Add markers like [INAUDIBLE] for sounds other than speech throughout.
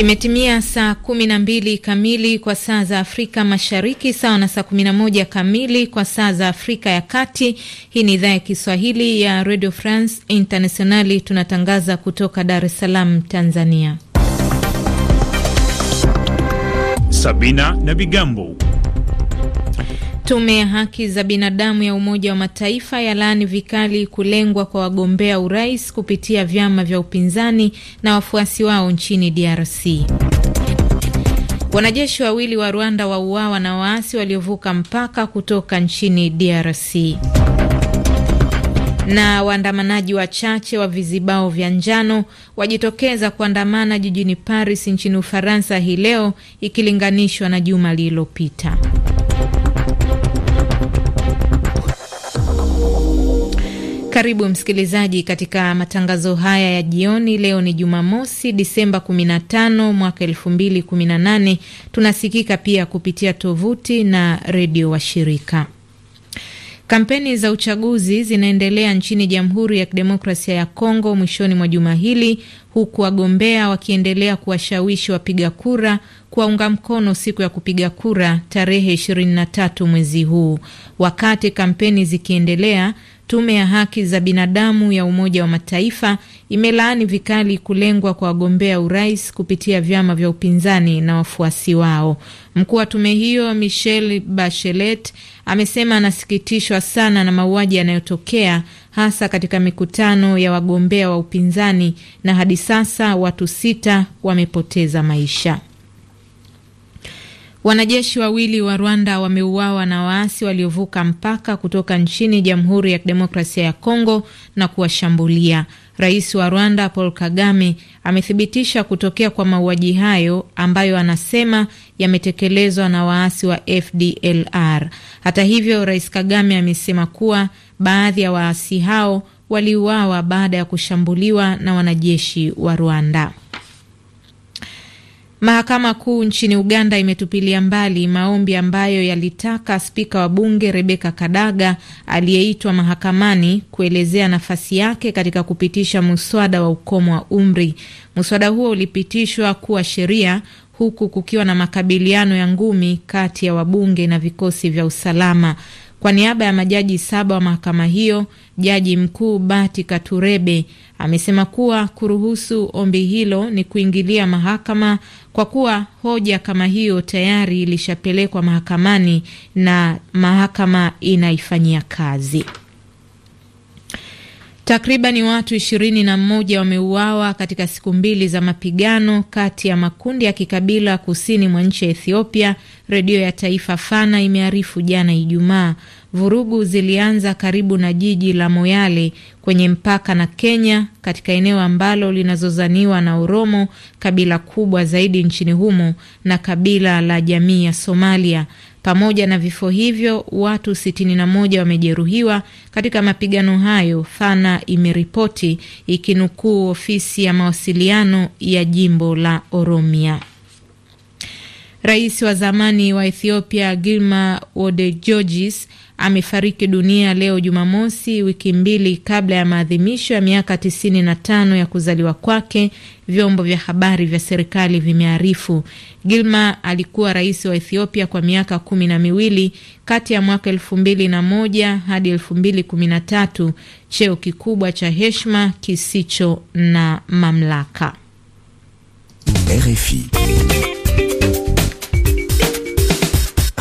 Imetimia saa kumi na mbili kamili kwa saa za Afrika Mashariki, sawa na saa kumi na moja kamili kwa saa za Afrika ya Kati. Hii ni idhaa ya Kiswahili ya Radio France Internationali, tunatangaza kutoka Dar es Salaam, Tanzania. Sabina na vigambo Tume ya haki za binadamu ya Umoja wa Mataifa yalaani vikali kulengwa kwa wagombea urais kupitia vyama vya upinzani na wafuasi wao nchini DRC. Wanajeshi wawili wa Rwanda wauawa na waasi waliovuka mpaka kutoka nchini DRC. Na waandamanaji wachache wa vizibao vya njano wajitokeza kuandamana jijini Paris nchini Ufaransa hii leo ikilinganishwa na juma lililopita. Karibu msikilizaji katika matangazo haya ya jioni. Leo ni Jumamosi, Disemba 15 mwaka 2018. Tunasikika pia kupitia tovuti na redio washirika. Kampeni za uchaguzi zinaendelea nchini Jamhuri ya Kidemokrasia ya Kongo mwishoni mwa juma hili, huku wagombea wakiendelea kuwashawishi wapiga kura kuwaunga mkono siku ya kupiga kura tarehe 23 mwezi huu. Wakati kampeni zikiendelea Tume ya haki za binadamu ya Umoja wa Mataifa imelaani vikali kulengwa kwa wagombea urais kupitia vyama vya upinzani na wafuasi wao. Mkuu wa tume hiyo Michelle Bachelet amesema anasikitishwa sana na mauaji yanayotokea hasa katika mikutano ya wagombea wa upinzani na hadi sasa watu sita wamepoteza maisha. Wanajeshi wawili wa Rwanda wameuawa na waasi waliovuka mpaka kutoka nchini Jamhuri ya Kidemokrasia ya Kongo na kuwashambulia. Rais wa Rwanda Paul Kagame amethibitisha kutokea kwa mauaji hayo ambayo anasema yametekelezwa na waasi wa FDLR. Hata hivyo, Rais Kagame amesema kuwa baadhi ya waasi hao waliuawa baada ya kushambuliwa na wanajeshi wa Rwanda. Mahakama Kuu nchini Uganda imetupilia mbali maombi ambayo yalitaka spika wa bunge Rebeka Kadaga aliyeitwa mahakamani kuelezea nafasi yake katika kupitisha muswada wa ukomo wa umri. Muswada huo ulipitishwa kuwa sheria huku kukiwa na makabiliano ya ngumi kati ya wabunge na vikosi vya usalama. Kwa niaba ya majaji saba wa mahakama hiyo, jaji mkuu Bati Katurebe amesema kuwa kuruhusu ombi hilo ni kuingilia mahakama kwa kuwa hoja kama hiyo tayari ilishapelekwa mahakamani na mahakama inaifanyia kazi. Takribani watu ishirini na mmoja wameuawa katika siku mbili za mapigano kati ya makundi ya kikabila kusini mwa nchi ya Ethiopia, redio ya taifa Fana imearifu jana Ijumaa, Vurugu zilianza karibu na jiji la Moyale kwenye mpaka na Kenya, katika eneo ambalo linazozaniwa na Oromo, kabila kubwa zaidi nchini humo na kabila la jamii ya Somalia. Pamoja na vifo hivyo, watu 61 wamejeruhiwa katika mapigano hayo, Fana imeripoti ikinukuu ofisi ya mawasiliano ya jimbo la Oromia. Rais wa zamani wa Ethiopia Gilma Wodejogis amefariki dunia leo Jumamosi, wiki mbili kabla ya maadhimisho ya miaka 95 ya kuzaliwa kwake, vyombo vya habari vya serikali vimearifu. Gilma alikuwa rais wa Ethiopia kwa miaka kumi na miwili kati ya mwaka elfu mbili na moja hadi elfu mbili kumi na tatu cheo kikubwa cha heshima kisicho na mamlaka. RFI.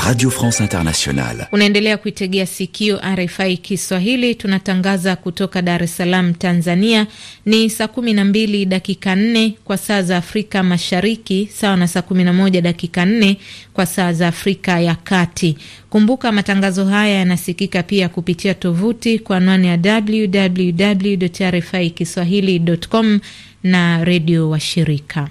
Radio France Internationale. Unaendelea kuitegea sikio RFI Kiswahili, tunatangaza kutoka Dar es Salaam, Tanzania. Ni saa 12 dakika 4 kwa saa za Afrika Mashariki, sawa na saa 11 dakika 4 kwa saa za Afrika ya Kati. Kumbuka matangazo haya yanasikika pia kupitia tovuti kwa anwani ya www RFI kiswahili.com na redio washirika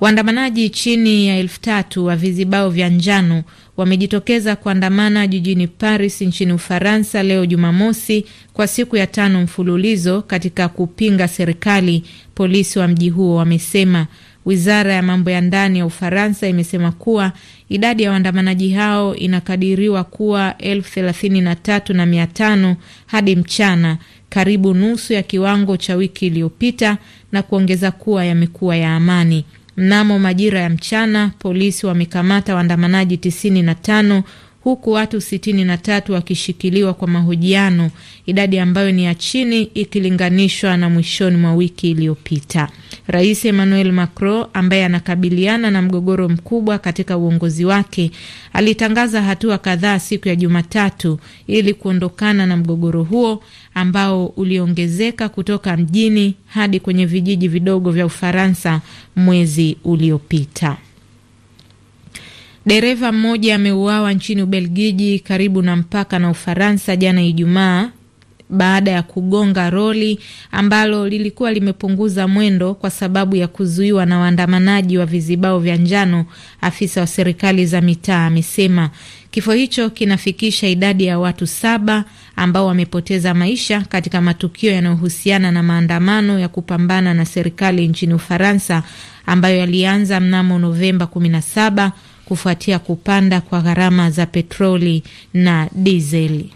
Waandamanaji chini ya elfu tatu wa vizibao vya njano wamejitokeza kuandamana jijini Paris nchini Ufaransa leo Jumamosi kwa siku ya tano mfululizo katika kupinga serikali, polisi wa mji huo wamesema. Wizara ya mambo ya ndani ya Ufaransa imesema kuwa idadi ya waandamanaji hao inakadiriwa kuwa elfu thelathini na tatu na mia tano hadi mchana, karibu nusu ya kiwango cha wiki iliyopita, na kuongeza kuwa yamekuwa ya amani. Mnamo majira ya mchana, polisi wamekamata waandamanaji 95 huku watu 63 wakishikiliwa kwa mahojiano, idadi ambayo ni ya chini ikilinganishwa na mwishoni mwa wiki iliyopita. Rais Emmanuel Macron ambaye anakabiliana na mgogoro mkubwa katika uongozi wake alitangaza hatua kadhaa siku ya Jumatatu ili kuondokana na mgogoro huo, ambao uliongezeka kutoka mjini hadi kwenye vijiji vidogo vya Ufaransa mwezi uliopita. Dereva mmoja ameuawa nchini Ubelgiji karibu na mpaka na Ufaransa jana Ijumaa baada ya kugonga roli ambalo lilikuwa limepunguza mwendo kwa sababu ya kuzuiwa na waandamanaji wa vizibao vya njano, afisa wa serikali za mitaa amesema. Kifo hicho kinafikisha idadi ya watu saba ambao wamepoteza maisha katika matukio yanayohusiana na maandamano ya kupambana na serikali nchini Ufaransa ambayo yalianza mnamo Novemba 17 kufuatia kupanda kwa gharama za petroli na dizeli.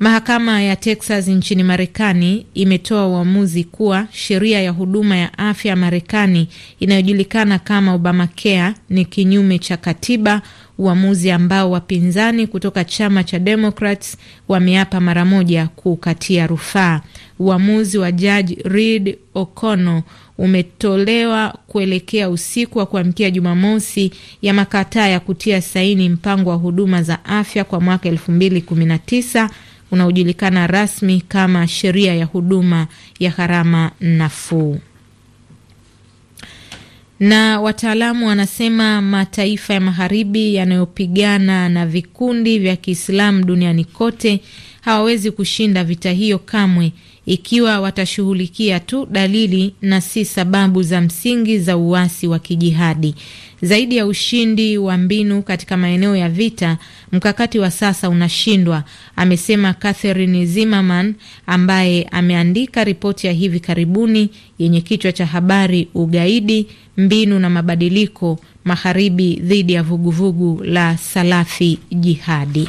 Mahakama ya Texas nchini Marekani imetoa uamuzi kuwa sheria ya huduma ya afya ya Marekani inayojulikana kama Obamacare ni kinyume cha katiba, uamuzi ambao wapinzani kutoka chama cha Democrats wameapa mara moja kukatia rufaa. Uamuzi wa Jaji Reed O'Connell umetolewa kuelekea usiku wa kuamkia Jumamosi ya makataa ya kutia saini mpango wa huduma za afya kwa mwaka elfu mbili kumi na tisa unaojulikana rasmi kama sheria ya huduma ya gharama nafuu. Na wataalamu wanasema mataifa ya magharibi yanayopigana na vikundi vya Kiislamu duniani kote hawawezi kushinda vita hiyo kamwe ikiwa watashughulikia tu dalili na si sababu za msingi za uasi wa kijihadi. Zaidi ya ushindi wa mbinu katika maeneo ya vita, mkakati wa sasa unashindwa, amesema Catherine Zimmerman ambaye ameandika ripoti ya hivi karibuni yenye kichwa cha habari Ugaidi, mbinu na mabadiliko, magharibi dhidi ya vuguvugu la Salafi Jihadi.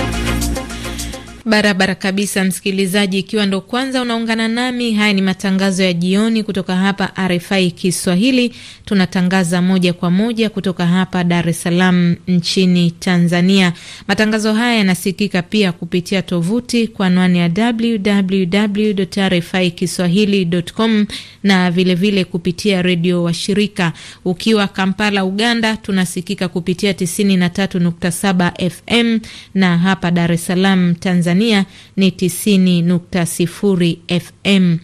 Barabara kabisa, msikilizaji, ikiwa ndo kwanza unaungana nami, haya ni matangazo ya jioni kutoka hapa RFI Kiswahili. Tunatangaza moja kwa moja kutoka hapa Dar es Salaam nchini Tanzania. Matangazo haya yanasikika pia kupitia tovuti kwa anwani ya www RFI kiswahilicom na vilevile vile kupitia redio washirika. Ukiwa Kampala, Uganda, tunasikika kupitia 93.7 FM na hapa Dar es Salaam Tanzania Tanzania ni 90.0 FM.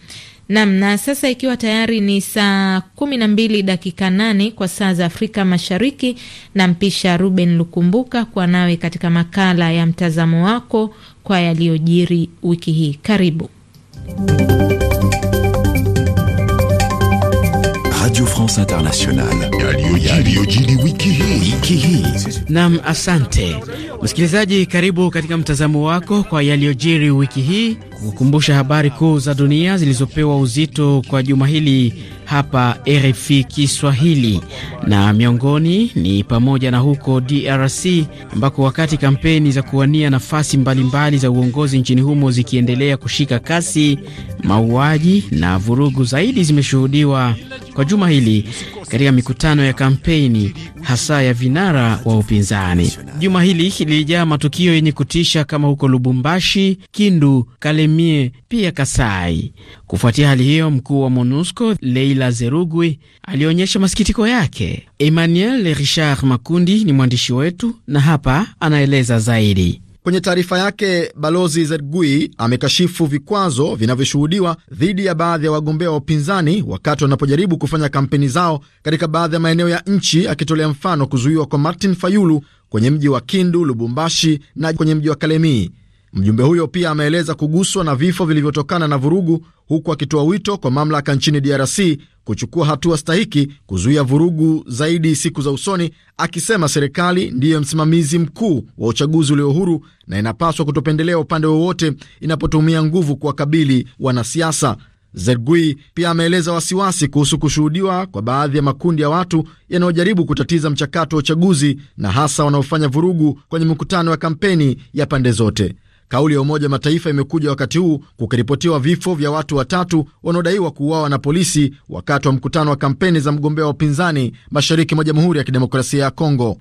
Nam na sasa, ikiwa tayari ni saa kumi na mbili dakika nane kwa saa za Afrika Mashariki, nampisha Ruben Lukumbuka kwa nawe katika makala ya mtazamo wako kwa yaliyojiri wiki hii. Karibu. Radio France Internationale yaliyojiri Wiki Naam, asante msikilizaji, karibu katika mtazamo wako kwa yaliyojiri wiki hii, kukukumbusha habari kuu za dunia zilizopewa uzito kwa juma hili hapa RFI Kiswahili, na miongoni ni pamoja na huko DRC ambako wakati kampeni za kuwania nafasi mbalimbali mbali za uongozi nchini humo zikiendelea kushika kasi, mauaji na vurugu zaidi zimeshuhudiwa kwa juma hili katika mikutano ya kampeni hasa ya vinara wa upinzani. Juma hili lilijaa matukio yenye kutisha kama huko Lubumbashi, Kindu, Kalemie, pia Kasai. Kufuatia hali hiyo, mkuu wa MONUSCO Leila Zerugwi alionyesha masikitiko yake. Emmanuel Richard Makundi ni mwandishi wetu na hapa anaeleza zaidi. Kwenye taarifa yake, Balozi Zergui amekashifu vikwazo vinavyoshuhudiwa dhidi ya baadhi ya wagombea wa upinzani wakati wanapojaribu kufanya kampeni zao katika baadhi ya maeneo ya nchi, akitolea mfano kuzuiwa kwa Martin Fayulu kwenye mji wa Kindu, Lubumbashi na kwenye mji wa Kalemie. Mjumbe huyo pia ameeleza kuguswa na vifo vilivyotokana na vurugu, huku akitoa wito kwa mamlaka nchini DRC kuchukua hatua stahiki kuzuia vurugu zaidi siku za usoni, akisema serikali ndiyo msimamizi mkuu wa uchaguzi ulio huru na inapaswa kutopendelea upande wowote inapotumia nguvu kuwakabili wanasiasa. Zergui pia ameeleza wasiwasi kuhusu kushuhudiwa kwa baadhi ya makundi ya watu yanayojaribu kutatiza mchakato wa uchaguzi na hasa wanaofanya vurugu kwenye mikutano ya kampeni ya pande zote. Kauli ya Umoja Mataifa imekuja wakati huu kukiripotiwa vifo vya watu watatu wanaodaiwa kuuawa na polisi wakati wa mkutano wa kampeni za mgombea wa upinzani mashariki mwa Jamhuri ya Kidemokrasia ya Kongo.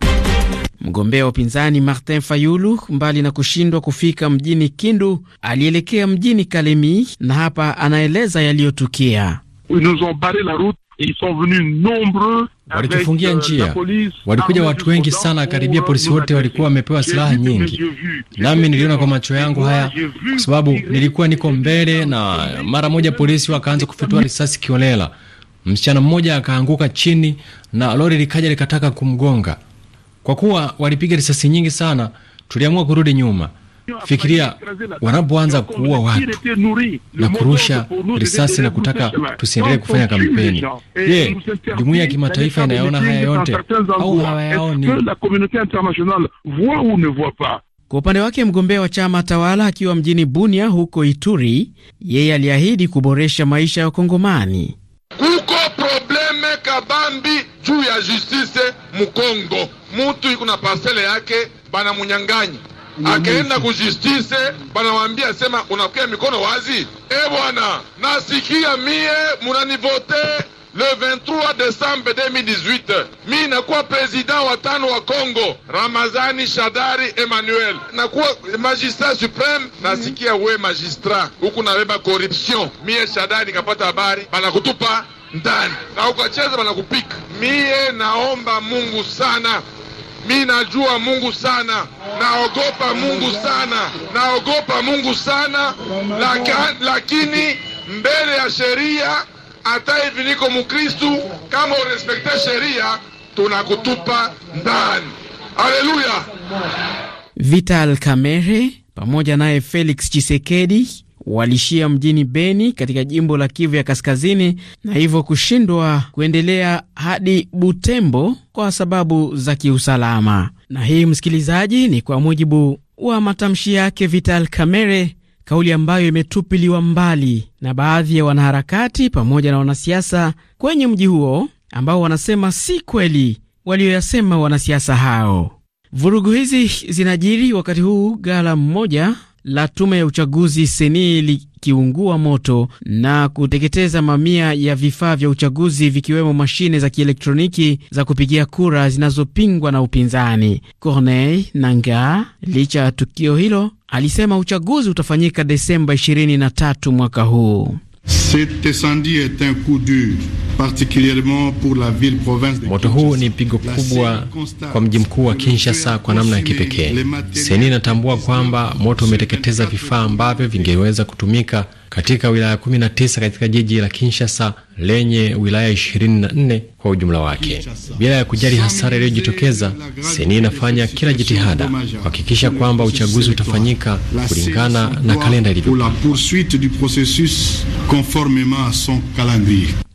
Mgombea wa upinzani Martin Fayulu, mbali na kushindwa kufika mjini Kindu, alielekea mjini Kalemi na hapa anaeleza yaliyotukia. Ils sont walitufungia euh, njia, walikuja watu wengi sana, karibia polisi wote walikuwa wamepewa silaha nyingi. Nami niliona kwa macho yangu haya, kwa sababu nilikuwa niko mbele, na mara moja polisi wakaanza kufitua risasi kiolela. Msichana mmoja akaanguka chini na lori likaja likataka kumgonga. Kwa kuwa walipiga risasi nyingi sana, tuliamua kurudi nyuma. Fikiria wanapoanza kuua watu na kurusha risasi na kutaka tusiendelee kufanya kampeni. Je, jumuiya ya kimataifa inayoona haya yote au hawayaoni? Kwa upande wake mgombea wa chama tawala akiwa mjini Bunia huko Ituri, yeye aliahidi kuboresha maisha ya Wakongomani. Kuko probleme kabambi juu ya justise Mukongo, mutu iko na parcele yake banamunyang'anya Akaenda kujistise, banawambia sema, unapiga mikono wazi. E bwana, nasikia mie munanivote le 23 decembre 2018 mi nakuwa president wa tano wa congo Ramazani Shadari Emmanuel nakuwa magistrat supreme. Mhm. Nasikia we magistrat huku nabeba corruption, mie Shadari nikapata habari banakutupa ndani na ukacheza banakupika. Mie naomba Mungu sana mi najua Mungu sana, naogopa Mungu sana, naogopa Mungu sana laka, lakini mbele ya sheria, hata hivi niko Mukristu. Kama urespekte sheria, tunakutupa ndani. Haleluya. Vital Kamerhe pamoja naye Felix Chisekedi walishia mjini Beni katika jimbo la Kivu ya Kaskazini na hivyo kushindwa kuendelea hadi Butembo kwa sababu za kiusalama. Na hii, msikilizaji, ni kwa mujibu wa matamshi yake Vital Kamerhe, kauli ambayo imetupiliwa mbali na baadhi ya wanaharakati pamoja na wanasiasa kwenye mji huo ambao wanasema si kweli walioyasema wanasiasa hao. Vurugu hizi zinajiri wakati huu gala mmoja la tume ya uchaguzi seni likiungua moto na kuteketeza mamia ya vifaa vya uchaguzi vikiwemo mashine za kielektroniki za kupigia kura zinazopingwa na upinzani. Corneille Nangaa, licha ya tukio hilo, alisema uchaguzi utafanyika Desemba 23 mwaka huu. Cet incendie est un coup dur particulièrement pour la ville province de moto huu ni pigo kubwa kwa mji mkuu wa Kinshasa kwa namna ya kipekee. Seni inatambua kwamba moto umeteketeza vifaa ambavyo vingeweza kutumika katika wilaya 19 katika jiji la Kinshasa lenye wilaya 24 kwa ujumla wake. Bila ya kujali hasara iliyojitokeza, seni inafanya kila jitihada kuhakikisha kwamba uchaguzi utafanyika kulingana na kalenda ilivyo.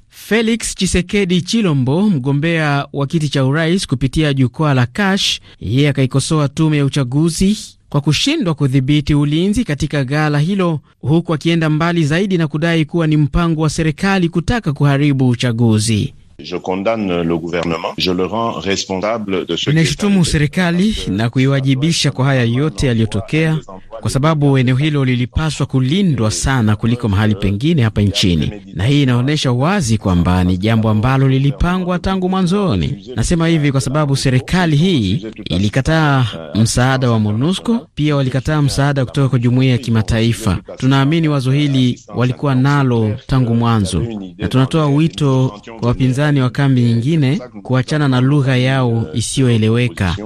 Felix Chisekedi Chilombo, mgombea wa kiti cha urais kupitia jukwaa la Kash, yeye akaikosoa tume ya uchaguzi kwa kushindwa kudhibiti ulinzi katika ghala hilo, huku akienda mbali zaidi na kudai kuwa ni mpango wa serikali kutaka kuharibu uchaguzi. Je condamne le gouvernement, je le rends responsable de ce. Ninaishutumu serikali na kuiwajibisha kwa haya yote yaliyotokea, kwa sababu eneo hilo lilipaswa kulindwa sana kuliko mahali pengine hapa nchini, na hii inaonyesha wazi kwamba ni jambo ambalo lilipangwa tangu mwanzoni. Nasema hivi kwa sababu serikali hii ilikataa msaada wa MONUSCO, pia walikataa msaada kutoka kwa jumuiya ya kimataifa. Tunaamini wazo hili walikuwa nalo tangu mwanzo, na tunatoa wito kwa wapinzani wapinzani wa kambi nyingine kuachana na lugha yao isiyoeleweka.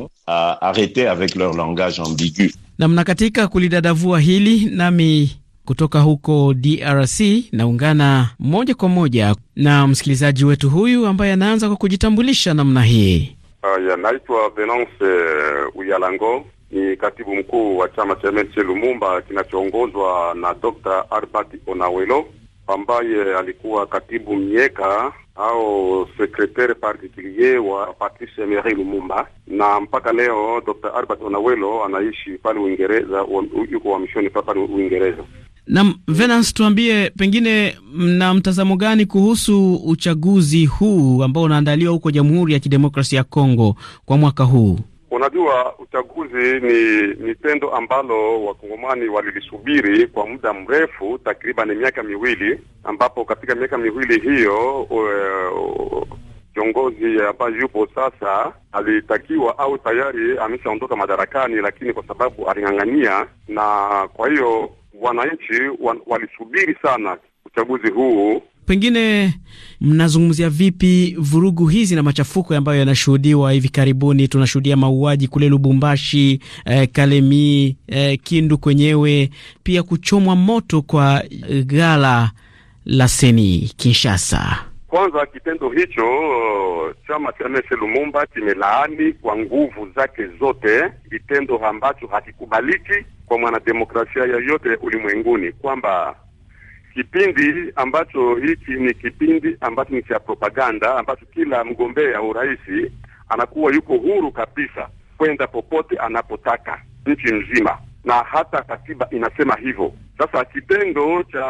Namna katika kulidadavua hili, nami kutoka huko DRC naungana moja kwa moja na msikilizaji wetu huyu ambaye anaanza kwa kujitambulisha namna hii. Uh, naitwa Venance eh, Uyalango, ni katibu mkuu wa chama cha MNC Lumumba kinachoongozwa na Dr. Arbat Onawelo ambaye alikuwa katibu mieka au sekretari particulier wa Patrice Emery Lumumba, na mpaka leo Dr. Albert Onawelo anaishi pale Uingereza, yuko uhamishoni pale Uingereza. Na Venance, tuambie pengine mna mtazamo gani kuhusu uchaguzi huu ambao unaandaliwa huko Jamhuri ya Kidemokrasia ya Kongo kwa mwaka huu? Unajua, uchaguzi ni, ni tendo ambalo wakongomani walilisubiri kwa muda mrefu, takriban miaka miwili, ambapo katika miaka miwili hiyo uh, kiongozi ambaye yupo sasa alitakiwa au tayari ameshaondoka madarakani, lakini kwa sababu aling'ang'ania, na kwa hiyo wananchi walisubiri sana uchaguzi huu pengine mnazungumzia vipi vurugu hizi na machafuko ambayo yanashuhudiwa hivi karibuni? Tunashuhudia mauaji kule Lubumbashi, eh, Kalemi, eh, Kindu kwenyewe, pia kuchomwa moto kwa eh, ghala la Seni Kinshasa. Kwanza kitendo hicho chama cha Mese Lumumba kimelaani kwa nguvu zake zote kitendo ambacho hakikubaliki kwa mwanademokrasia yoyote ulimwenguni kwamba kipindi ambacho hiki ni kipindi ambacho ni cha propaganda, ambacho kila mgombea urais anakuwa yuko huru kabisa kwenda popote anapotaka nchi nzima, na hata katiba inasema hivyo. Sasa kitendo cha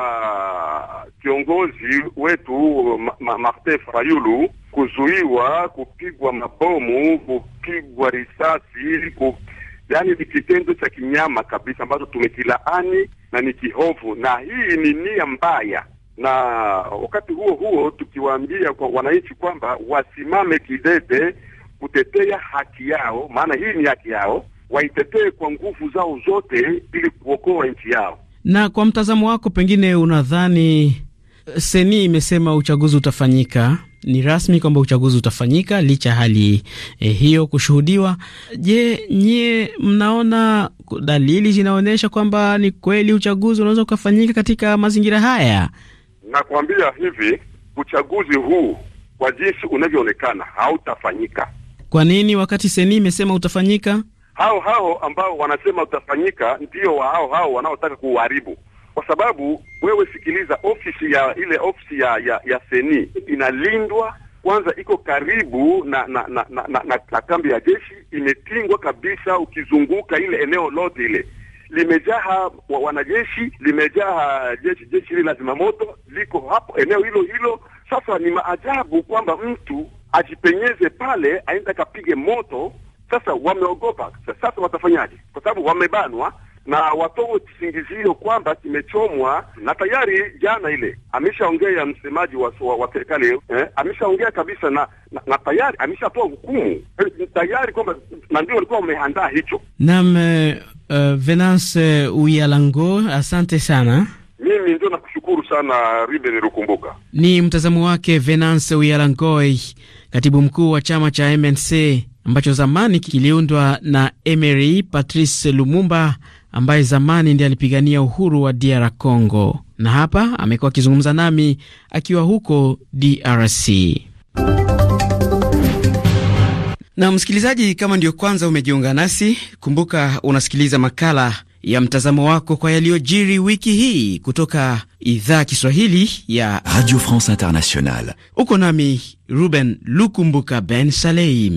kiongozi wetu ma, ma, Martin Fayulu kuzuiwa, kupigwa mabomu, kupigwa risasi, kupigwa yaani ni kitendo cha kinyama kabisa ambacho tumekilaani na ni kihovu, na hii ni nia mbaya na wakati huo huo tukiwaambia kwa wananchi kwamba wasimame kidete kutetea haki yao, maana hii ni haki yao, waitetee kwa nguvu zao zote ili kuokoa nchi yao. Na kwa mtazamo wako, pengine unadhani Seni imesema uchaguzi utafanyika. Ni rasmi kwamba uchaguzi utafanyika licha hali eh, hiyo kushuhudiwa. Je, nyie mnaona dalili zinaonyesha kwamba ni kweli uchaguzi unaweza ukafanyika katika mazingira haya? Nakwambia hivi, uchaguzi huu kwa jinsi unavyoonekana hautafanyika. Kwa nini? Wakati Seni imesema utafanyika. Hao hao ambao wanasema utafanyika ndio hao hao wanaotaka kuuharibu kwa sababu wewe, sikiliza, ofisi ya ile ofisi ya ya, ya seni inalindwa kwanza, iko karibu na na na, na, na, na, na kambi ya jeshi, imetingwa kabisa. Ukizunguka ile eneo lote ile limejaa wa, wanajeshi limejaa jeshi jeshi ile la zimamoto liko hapo eneo hilo hilo. Sasa ni maajabu kwamba mtu ajipenyeze pale aende akapige moto. Sasa wameogopa. Sasa watafanyaje? Kwa sababu wamebanwa na watoe kisingizio kwamba kimechomwa, na tayari jana ile ameshaongea msemaji wa, wa, wa serikali eh, ameshaongea kabisa na, na, na tayari ameshatoa hukumu eh, tayari kwamba na ndio walikuwa wameandaa hicho. Naam, uh, Venance Uyalango, asante sana. Mimi ndio nakushukuru sana Ribe Rukumbuka. Ni mtazamo wake Venance Uyalangoi, katibu mkuu wa chama cha MNC ambacho zamani kiliundwa na Emery Patrice Lumumba ambaye zamani ndiye alipigania uhuru wa DR Congo, na hapa amekuwa akizungumza nami akiwa huko DRC. Na msikilizaji, kama ndiyo kwanza umejiunga nasi, kumbuka unasikiliza makala ya mtazamo wako kwa yaliyojiri wiki hii kutoka idhaa Kiswahili ya Radio France Internationale. Uko nami Ruben Lukumbuka Ben Saleim.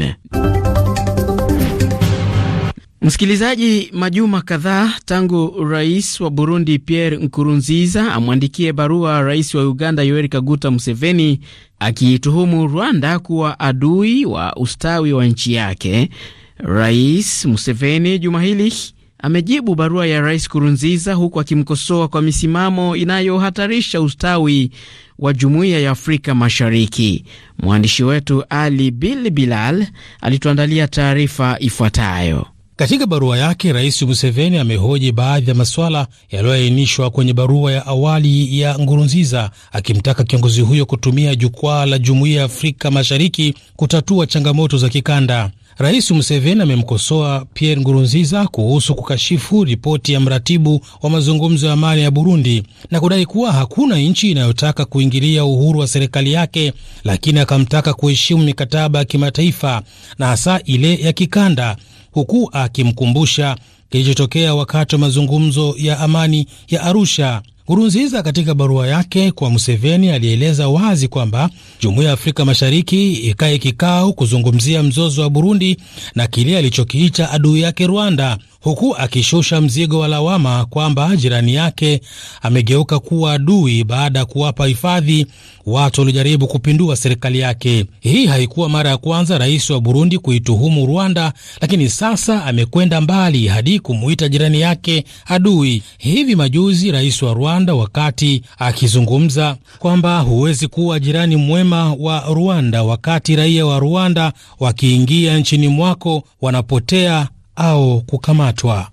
Msikilizaji, majuma kadhaa tangu rais wa Burundi Pierre Nkurunziza amwandikie barua rais wa Uganda Yoweri Kaguta Museveni akiituhumu Rwanda kuwa adui wa ustawi wa nchi yake, Rais Museveni juma hili amejibu barua ya rais Kurunziza huku akimkosoa kwa misimamo inayohatarisha ustawi wa jumuiya ya Afrika Mashariki. Mwandishi wetu Ali Bil Bilal alituandalia taarifa ifuatayo. Katika barua yake, Rais Museveni amehoji baadhi ya masuala yaliyoainishwa kwenye barua ya awali ya Ngurunziza, akimtaka kiongozi huyo kutumia jukwaa la Jumuiya ya Afrika Mashariki kutatua changamoto za kikanda. Rais Museveni amemkosoa Pierre Ngurunziza kuhusu kukashifu ripoti ya mratibu wa mazungumzo ya amani ya Burundi na kudai kuwa hakuna nchi inayotaka kuingilia uhuru wa serikali yake, lakini akamtaka kuheshimu mikataba ya kimataifa na hasa ile ya kikanda huku akimkumbusha kilichotokea wakati wa mazungumzo ya amani ya Arusha. Nkurunziza katika barua yake kwa Museveni alieleza wazi kwamba jumuiya ya Afrika Mashariki ikae kikao kuzungumzia mzozo wa Burundi na kile alichokiita adui yake Rwanda, huku akishusha mzigo wa lawama kwamba jirani yake amegeuka kuwa adui baada ya kuwapa hifadhi watu waliojaribu kupindua serikali yake. Hii haikuwa mara ya kwanza rais wa Burundi kuituhumu Rwanda, lakini sasa amekwenda mbali hadi kumuita jirani yake adui. Hivi majuzi rais wa Rwanda Rwanda wakati akizungumza kwamba huwezi kuwa jirani mwema wa Rwanda wakati raia wa Rwanda wakiingia nchini mwako wanapotea au kukamatwa.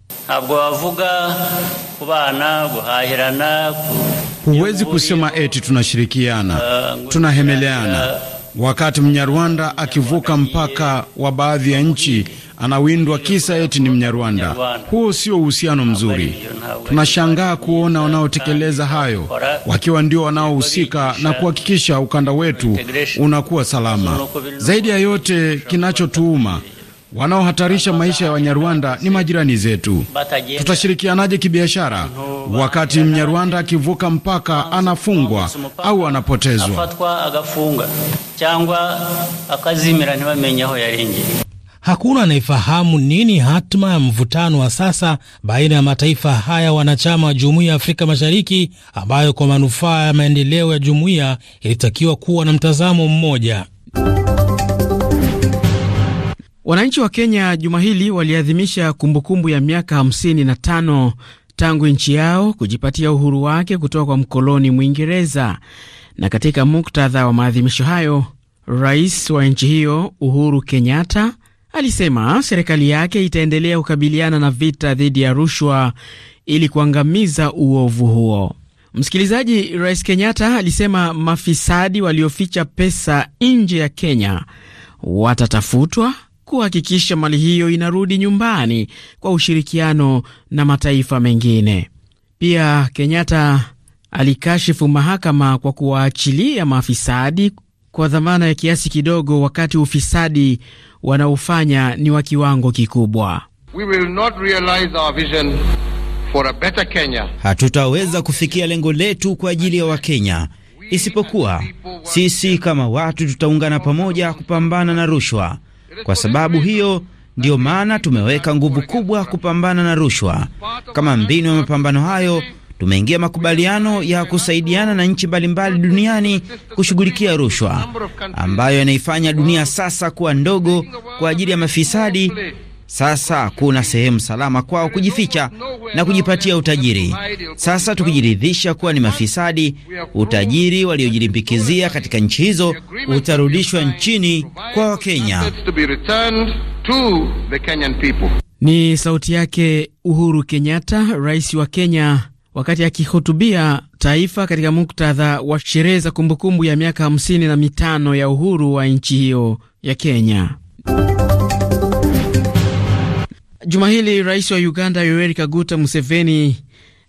Huwezi kusema eti tunashirikiana, eh, tunahemeleana wakati Mnyarwanda akivuka mpaka wa baadhi ya nchi anawindwa kisa eti ni Mnyarwanda. Huo sio uhusiano mzuri. Tunashangaa kuona wanaotekeleza hayo wakiwa ndio wanaohusika na kuhakikisha ukanda wetu unakuwa salama. Zaidi ya yote, kinachotuuma wanaohatarisha maisha ya Wanyarwanda ni majirani zetu. Tutashirikianaje kibiashara wakati Mnyarwanda akivuka mpaka anafungwa au anapotezwa? hakuna anayefahamu nini hatma ya mvutano wa sasa baina ya mataifa haya wanachama wa Jumuiya ya Afrika Mashariki, ambayo kwa manufaa ya maendeleo ya jumuiya ilitakiwa kuwa na mtazamo mmoja. Wananchi wa Kenya juma hili waliadhimisha kumbukumbu ya miaka 55 tangu nchi yao kujipatia uhuru wake kutoka kwa mkoloni Mwingereza. Na katika muktadha wa maadhimisho hayo, rais wa nchi hiyo Uhuru Kenyatta Alisema serikali yake itaendelea kukabiliana na vita dhidi ya rushwa ili kuangamiza uovu huo. Msikilizaji, Rais Kenyatta alisema mafisadi walioficha pesa nje ya Kenya watatafutwa kuhakikisha mali hiyo inarudi nyumbani kwa ushirikiano na mataifa mengine. Pia Kenyatta alikashifu mahakama kwa kuwaachilia mafisadi kwa dhamana ya kiasi kidogo wakati ufisadi wanaofanya ni wa kiwango kikubwa. Hatutaweza kufikia lengo letu kwa ajili ya Wakenya isipokuwa sisi kama watu tutaungana pamoja kupambana na rushwa. Kwa sababu hiyo ndiyo maana tumeweka nguvu kubwa kupambana na rushwa. Kama mbinu ya mapambano hayo tumeingia makubaliano ya kusaidiana na nchi mbalimbali duniani kushughulikia rushwa ambayo inaifanya dunia sasa kuwa ndogo kwa ajili ya mafisadi. Sasa kuna sehemu salama kwao kujificha na kujipatia utajiri. Sasa tukijiridhisha kuwa ni mafisadi, utajiri waliojilimbikizia katika nchi hizo utarudishwa nchini kwa Wakenya. Ni sauti yake Uhuru Kenyatta, rais wa Kenya wakati akihutubia taifa katika muktadha wa sherehe za kumbukumbu ya miaka hamsini na mitano ya uhuru wa nchi hiyo ya Kenya. Juma hili rais wa Uganda Yoweri Kaguta Museveni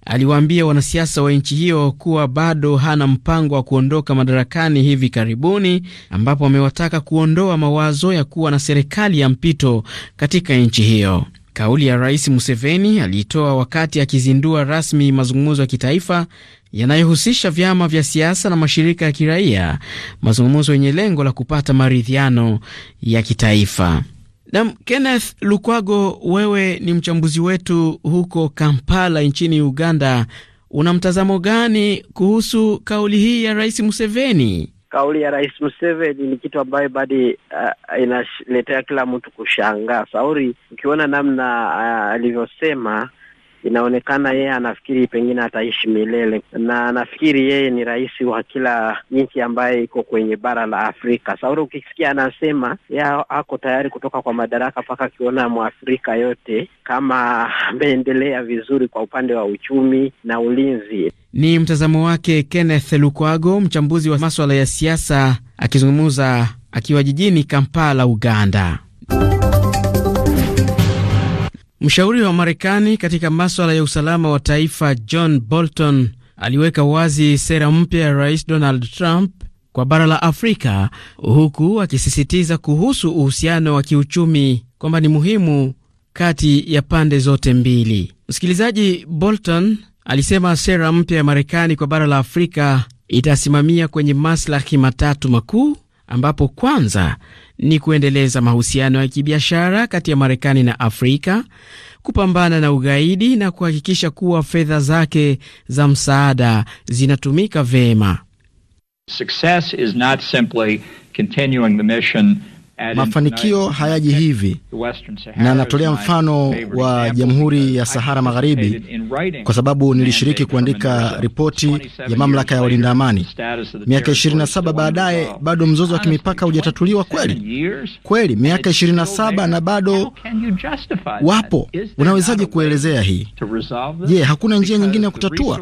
aliwaambia wanasiasa wa nchi hiyo kuwa bado hana mpango wa kuondoka madarakani hivi karibuni, ambapo amewataka kuondoa mawazo ya kuwa na serikali ya mpito katika nchi hiyo. Kauli ya Rais Museveni aliitoa wakati akizindua rasmi mazungumzo ya kitaifa yanayohusisha vyama vya siasa na mashirika ya kiraia, mazungumzo yenye lengo la kupata maridhiano ya kitaifa. Nam Kenneth Lukwago, wewe ni mchambuzi wetu huko Kampala nchini Uganda, una mtazamo gani kuhusu kauli hii ya Rais Museveni? kauli ya Rais Museveni ni kitu ambayo bado uh, inaletea kila mtu kushangaa. Sauri, ukiona namna uh, alivyosema inaonekana yeye anafikiri pengine ataishi milele, na anafikiri yeye ni rais wa kila nchi ambaye iko kwenye bara la Afrika. Sauri, ukisikia anasema ye ako tayari kutoka kwa madaraka mpaka akiona mwafrika yote kama ameendelea vizuri kwa upande wa uchumi na ulinzi. Ni mtazamo wake Kenneth Lukwago, mchambuzi wa maswala ya siasa, akizungumza akiwa jijini Kampala, Uganda. Mshauri wa Marekani katika maswala ya usalama wa taifa John Bolton aliweka wazi sera mpya ya Rais Donald Trump kwa bara la Afrika, huku akisisitiza kuhusu uhusiano wa kiuchumi kwamba ni muhimu kati ya pande zote mbili. Msikilizaji, Bolton alisema sera mpya ya Marekani kwa bara la Afrika itasimamia kwenye maslahi matatu makuu, ambapo kwanza ni kuendeleza mahusiano ya kibiashara kati ya Marekani na Afrika, kupambana na ugaidi na kuhakikisha kuwa fedha zake za msaada zinatumika vyema. Success is not simply continuing the mission Mafanikio hayaji hivi, na natolea mfano wa Jamhuri ya Sahara Magharibi kwa sababu nilishiriki kuandika ripoti ya mamlaka ya walinda amani. Miaka 27 baadaye bado mzozo wa kimipaka hujatatuliwa kweli? Kweli, miaka 27 na bado wapo. Unawezaje kuelezea hii? Je, hakuna njia nyingine ya kutatua?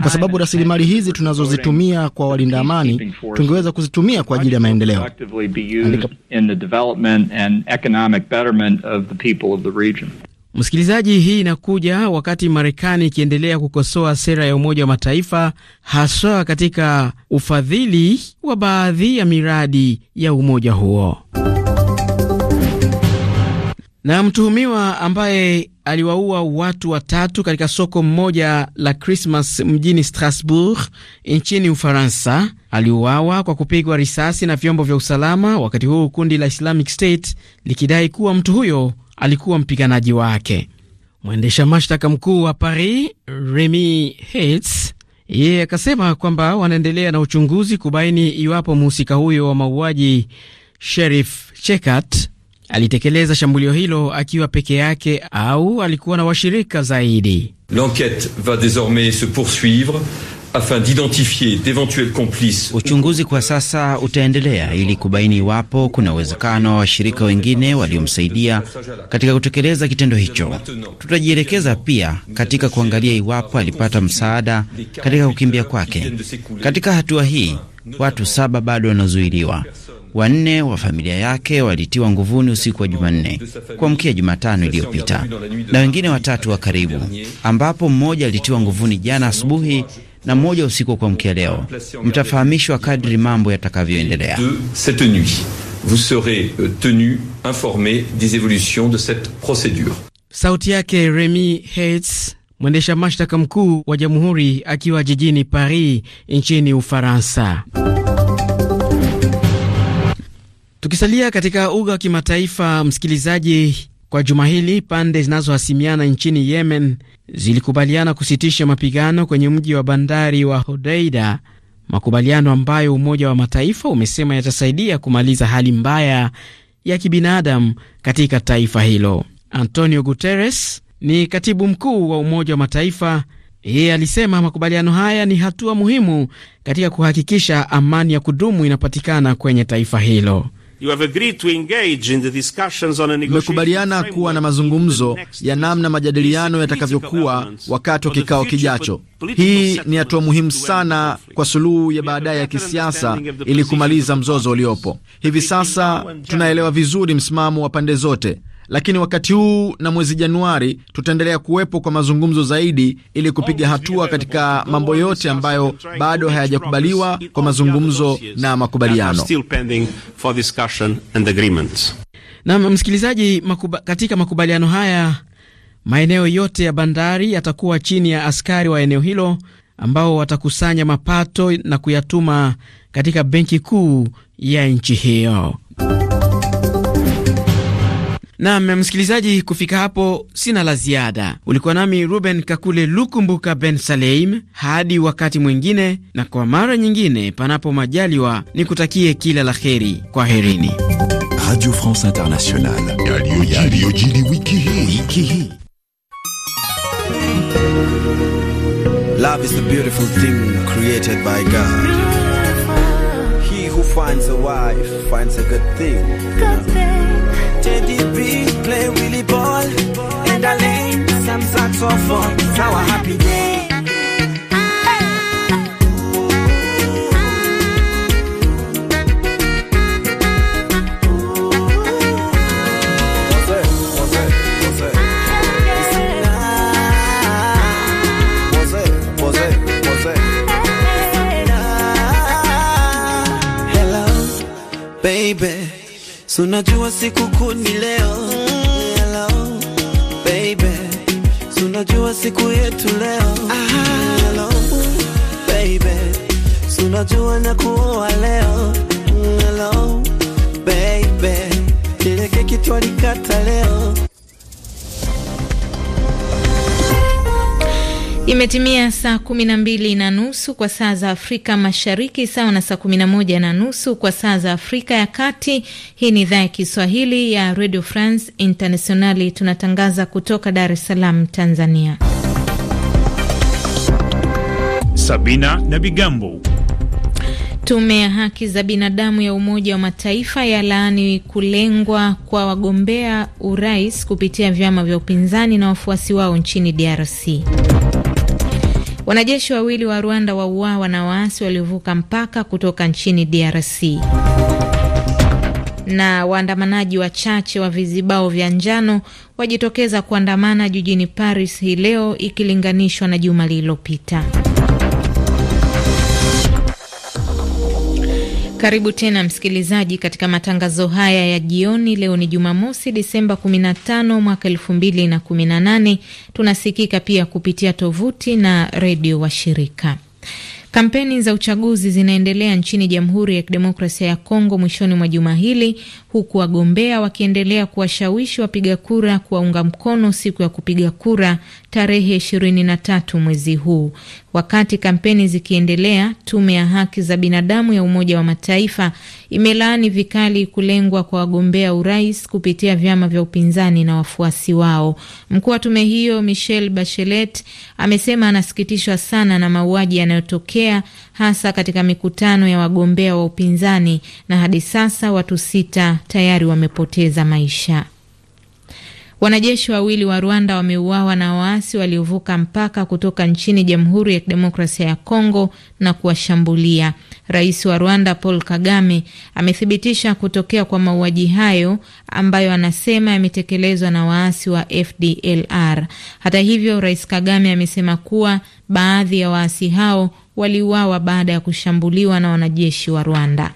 Kwa sababu rasilimali hizi tunazozitumia kwa walinda amani tungeweza kuzitumia kwa ajili ya maendeleo in the development and economic betterment of the people of the region. Msikilizaji, hii inakuja wakati Marekani ikiendelea kukosoa sera ya Umoja wa Mataifa haswa katika ufadhili wa baadhi ya miradi ya umoja huo. Na mtuhumiwa ambaye aliwaua watu watatu katika soko mmoja la Krismas mjini Strasbourg nchini Ufaransa aliuawa kwa kupigwa risasi na vyombo vya usalama, wakati huu kundi la Islamic State likidai kuwa mtu huyo alikuwa mpiganaji wake. Mwendesha mashtaka mkuu wa Paris Remy Heitz yeye akasema kwamba wanaendelea na uchunguzi kubaini iwapo mhusika huyo wa mauaji Sherif Chekat Alitekeleza shambulio hilo akiwa peke yake au alikuwa na washirika zaidi? L'enquête va désormais se poursuivre afin d'identifier d'eventuels complices. Uchunguzi kwa sasa utaendelea ili kubaini iwapo kuna uwezekano wa washirika wengine waliomsaidia katika kutekeleza kitendo hicho. Tutajielekeza pia katika kuangalia iwapo alipata msaada katika kukimbia kwake. Katika hatua hii watu saba bado wanazuiliwa Wanne wa familia yake walitiwa nguvuni usiku wa Jumanne kuamkia Jumatano iliyopita na wengine watatu wa karibu, ambapo mmoja alitiwa nguvuni jana asubuhi na mmoja usiku wa kuamkia leo. Mtafahamishwa kadri mambo yatakavyoendelea. Euh, Sauti yake Remy Heitz, mwendesha mashtaka mkuu wa jamhuri akiwa jijini Paris nchini Ufaransa. Tukisalia katika uga wa kimataifa, msikilizaji, kwa juma hili pande zinazohasimiana nchini Yemen zilikubaliana kusitisha mapigano kwenye mji wa bandari wa Hodeida, makubaliano ambayo Umoja wa Mataifa umesema yatasaidia kumaliza hali mbaya ya kibinadamu katika taifa hilo. Antonio Guterres ni katibu mkuu wa Umoja wa Mataifa. Yeye alisema makubaliano haya ni hatua muhimu katika kuhakikisha amani ya kudumu inapatikana kwenye taifa hilo. Mmekubaliana kuwa na mazungumzo ya namna majadiliano yatakavyokuwa wakati wa kikao kijacho. Hii ni hatua muhimu sana kwa suluhu ya baadaye ya kisiasa ili kumaliza mzozo uliopo hivi sasa. Tunaelewa vizuri msimamo wa pande zote lakini wakati huu na mwezi Januari tutaendelea kuwepo kwa mazungumzo zaidi ili kupiga hatua katika mambo yote ambayo bado hayajakubaliwa kwa mazungumzo na makubaliano. Nam msikilizaji, makuba, katika makubaliano haya maeneo yote ya bandari yatakuwa chini ya askari wa eneo hilo ambao watakusanya mapato na kuyatuma katika benki kuu ya nchi hiyo. Nam msikilizaji, kufika hapo sina la ziada. Ulikuwa nami Ruben Kakule Lukumbuka Ben Saleim, hadi wakati mwingine, na kwa mara nyingine, panapo majaliwa, ni kutakie kila la heri. Kwa herini. Radio France Internationale. wiki hii. Love is beautiful thing created by God. He who finds a wife finds a good thing. Teddy B play Willie Ball in the lane, Sam's saxophone, it's our happy day. sunajua siku kuu ni leo. Hello, baby. Sunajua siku yetu leo. Hello, baby. Sunajua na nakuoa leo. Hello, baby. Kile keki twalikata leo. Imetimia saa kumi na mbili na nusu kwa saa za Afrika Mashariki, sawa na saa kumi na moja na nusu kwa saa za Afrika ya Kati. Hii ni idhaa ya Kiswahili ya Radio France Internationali, tunatangaza kutoka Dar es Salaam, Tanzania. Sabina na Bigambo. Tume ya haki za binadamu ya Umoja wa Mataifa ya laani kulengwa kwa wagombea urais kupitia vyama vya upinzani na wafuasi wao nchini DRC. Wanajeshi wawili wa Rwanda wauawa na waasi waliovuka mpaka kutoka nchini DRC. Na waandamanaji wachache wa vizibao vya njano wajitokeza kuandamana jijini Paris hii leo ikilinganishwa na juma lililopita. Karibu tena msikilizaji, katika matangazo haya ya jioni. Leo ni Jumamosi, Disemba 15 mwaka 2018. Tunasikika pia kupitia tovuti na redio washirika. Kampeni za uchaguzi zinaendelea nchini Jamhuri ya Kidemokrasia ya Kongo mwishoni mwa juma hili, huku wagombea wakiendelea kuwashawishi wapiga kura kuwaunga mkono siku ya kupiga kura tarehe 23 mwezi huu. Wakati kampeni zikiendelea, tume ya haki za binadamu ya Umoja wa Mataifa imelaani vikali kulengwa kwa wagombea urais kupitia vyama vya upinzani na wafuasi wao. Mkuu wa tume hiyo Michelle Bachelet amesema anasikitishwa sana na mauaji yanayotokea hasa katika mikutano ya wagombea wa upinzani, na hadi sasa watu sita tayari wamepoteza maisha. Wanajeshi wawili wa Rwanda wameuawa na waasi waliovuka mpaka kutoka nchini Jamhuri ya Kidemokrasia ya Kongo na kuwashambulia. Rais wa Rwanda Paul Kagame amethibitisha kutokea kwa mauaji hayo ambayo anasema yametekelezwa na waasi wa FDLR. Hata hivyo, Rais Kagame amesema kuwa baadhi ya waasi hao waliuawa baada ya kushambuliwa na wanajeshi wa Rwanda.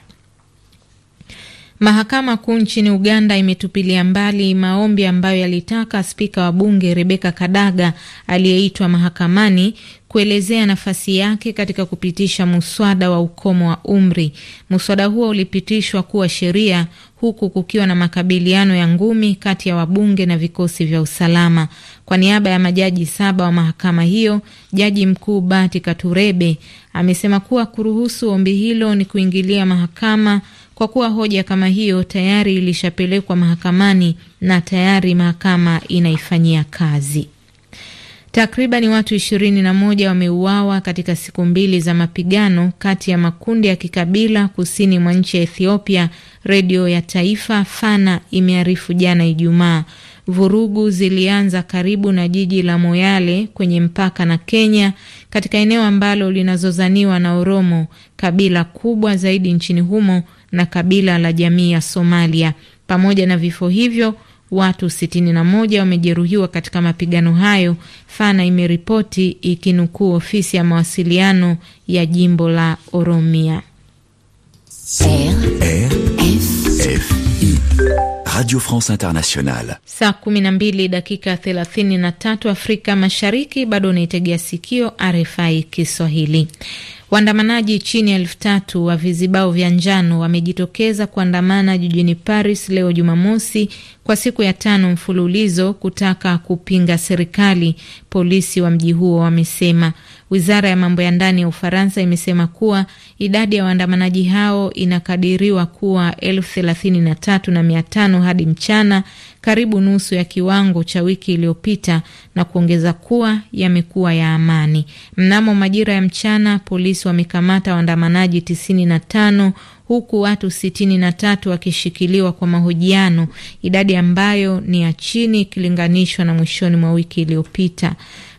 Mahakama Kuu nchini Uganda imetupilia mbali maombi ambayo yalitaka spika wa bunge Rebeka Kadaga aliyeitwa mahakamani kuelezea nafasi yake katika kupitisha muswada wa ukomo wa umri. Muswada huo ulipitishwa kuwa sheria huku kukiwa na makabiliano ya ngumi kati ya wabunge na vikosi vya usalama. Kwa niaba ya majaji saba wa mahakama hiyo, jaji mkuu Bati Katurebe amesema kuwa kuruhusu ombi hilo ni kuingilia mahakama kwa kuwa hoja kama hiyo tayari ilishapelekwa mahakamani na tayari mahakama inaifanyia kazi. Takribani watu ishirini na moja wameuawa katika siku mbili za mapigano kati ya makundi ya kikabila kusini mwa nchi ya Ethiopia, redio ya taifa Fana imearifu jana Ijumaa. Vurugu zilianza karibu na jiji la Moyale kwenye mpaka na Kenya, katika eneo ambalo linazozaniwa na Oromo, kabila kubwa zaidi nchini humo na kabila la jamii ya Somalia. Pamoja na vifo hivyo, watu 61 wamejeruhiwa katika mapigano hayo, Fana imeripoti ikinukuu ofisi ya mawasiliano ya jimbo la Oromia. RFI Radio France Internationale. Saa 12 dakika 33 Afrika Mashariki, bado unaitegea sikio RFI Kiswahili. Waandamanaji chini ya elfu tatu wa vizibao vya njano wamejitokeza kuandamana jijini Paris leo Jumamosi kwa siku ya tano mfululizo kutaka kupinga serikali, polisi wa mji huo wamesema. Wizara ya mambo ya ndani ya Ufaransa imesema kuwa idadi ya waandamanaji hao inakadiriwa kuwa elfu thelathini na tatu na mia tano hadi mchana karibu nusu ya kiwango cha wiki iliyopita na kuongeza kuwa yamekuwa ya amani. Mnamo majira ya mchana, polisi wamekamata waandamanaji tisini na tano huku watu sitini na tatu wakishikiliwa kwa mahojiano, idadi ambayo ni ya chini ikilinganishwa na mwishoni mwa wiki iliyopita.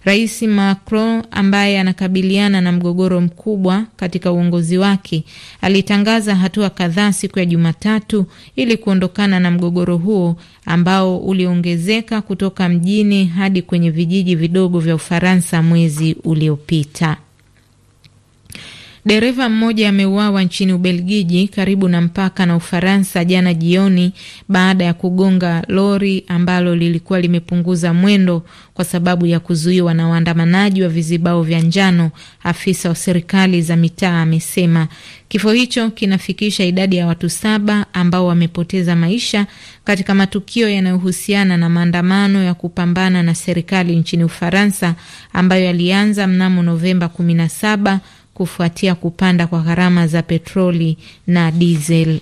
Rais Macron ambaye anakabiliana na mgogoro mkubwa katika uongozi wake alitangaza hatua kadhaa siku ya Jumatatu ili kuondokana na mgogoro huo ambao uliongezeka kutoka mjini hadi kwenye vijiji vidogo vya Ufaransa mwezi uliopita. Dereva mmoja ameuawa nchini Ubelgiji karibu na mpaka na Ufaransa jana jioni baada ya kugonga lori ambalo lilikuwa limepunguza mwendo kwa sababu ya kuzuiwa na waandamanaji wa vizibao vya njano, afisa wa serikali za mitaa amesema. Kifo hicho kinafikisha idadi ya watu saba ambao wamepoteza maisha katika matukio yanayohusiana na maandamano ya kupambana na serikali nchini Ufaransa ambayo yalianza mnamo Novemba 17 kufuatia kupanda kwa gharama za petroli na dizeli.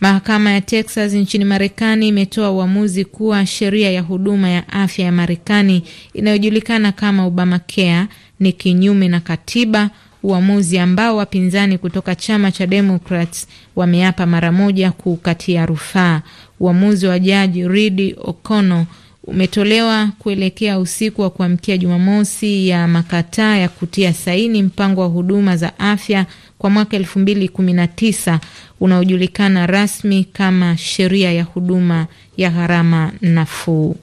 Mahakama ya Texas nchini Marekani imetoa uamuzi kuwa sheria ya huduma ya afya ya Marekani inayojulikana kama Obamacare ni kinyume na katiba, uamuzi ambao wapinzani kutoka chama cha Democrats wameapa mara moja kukatia rufaa. Uamuzi wa jaji Ridi Okono umetolewa kuelekea usiku wa kuamkia Jumamosi ya makataa ya kutia saini mpango wa huduma za afya kwa mwaka elfu mbili kumi na tisa unaojulikana rasmi kama sheria ya huduma ya gharama nafuu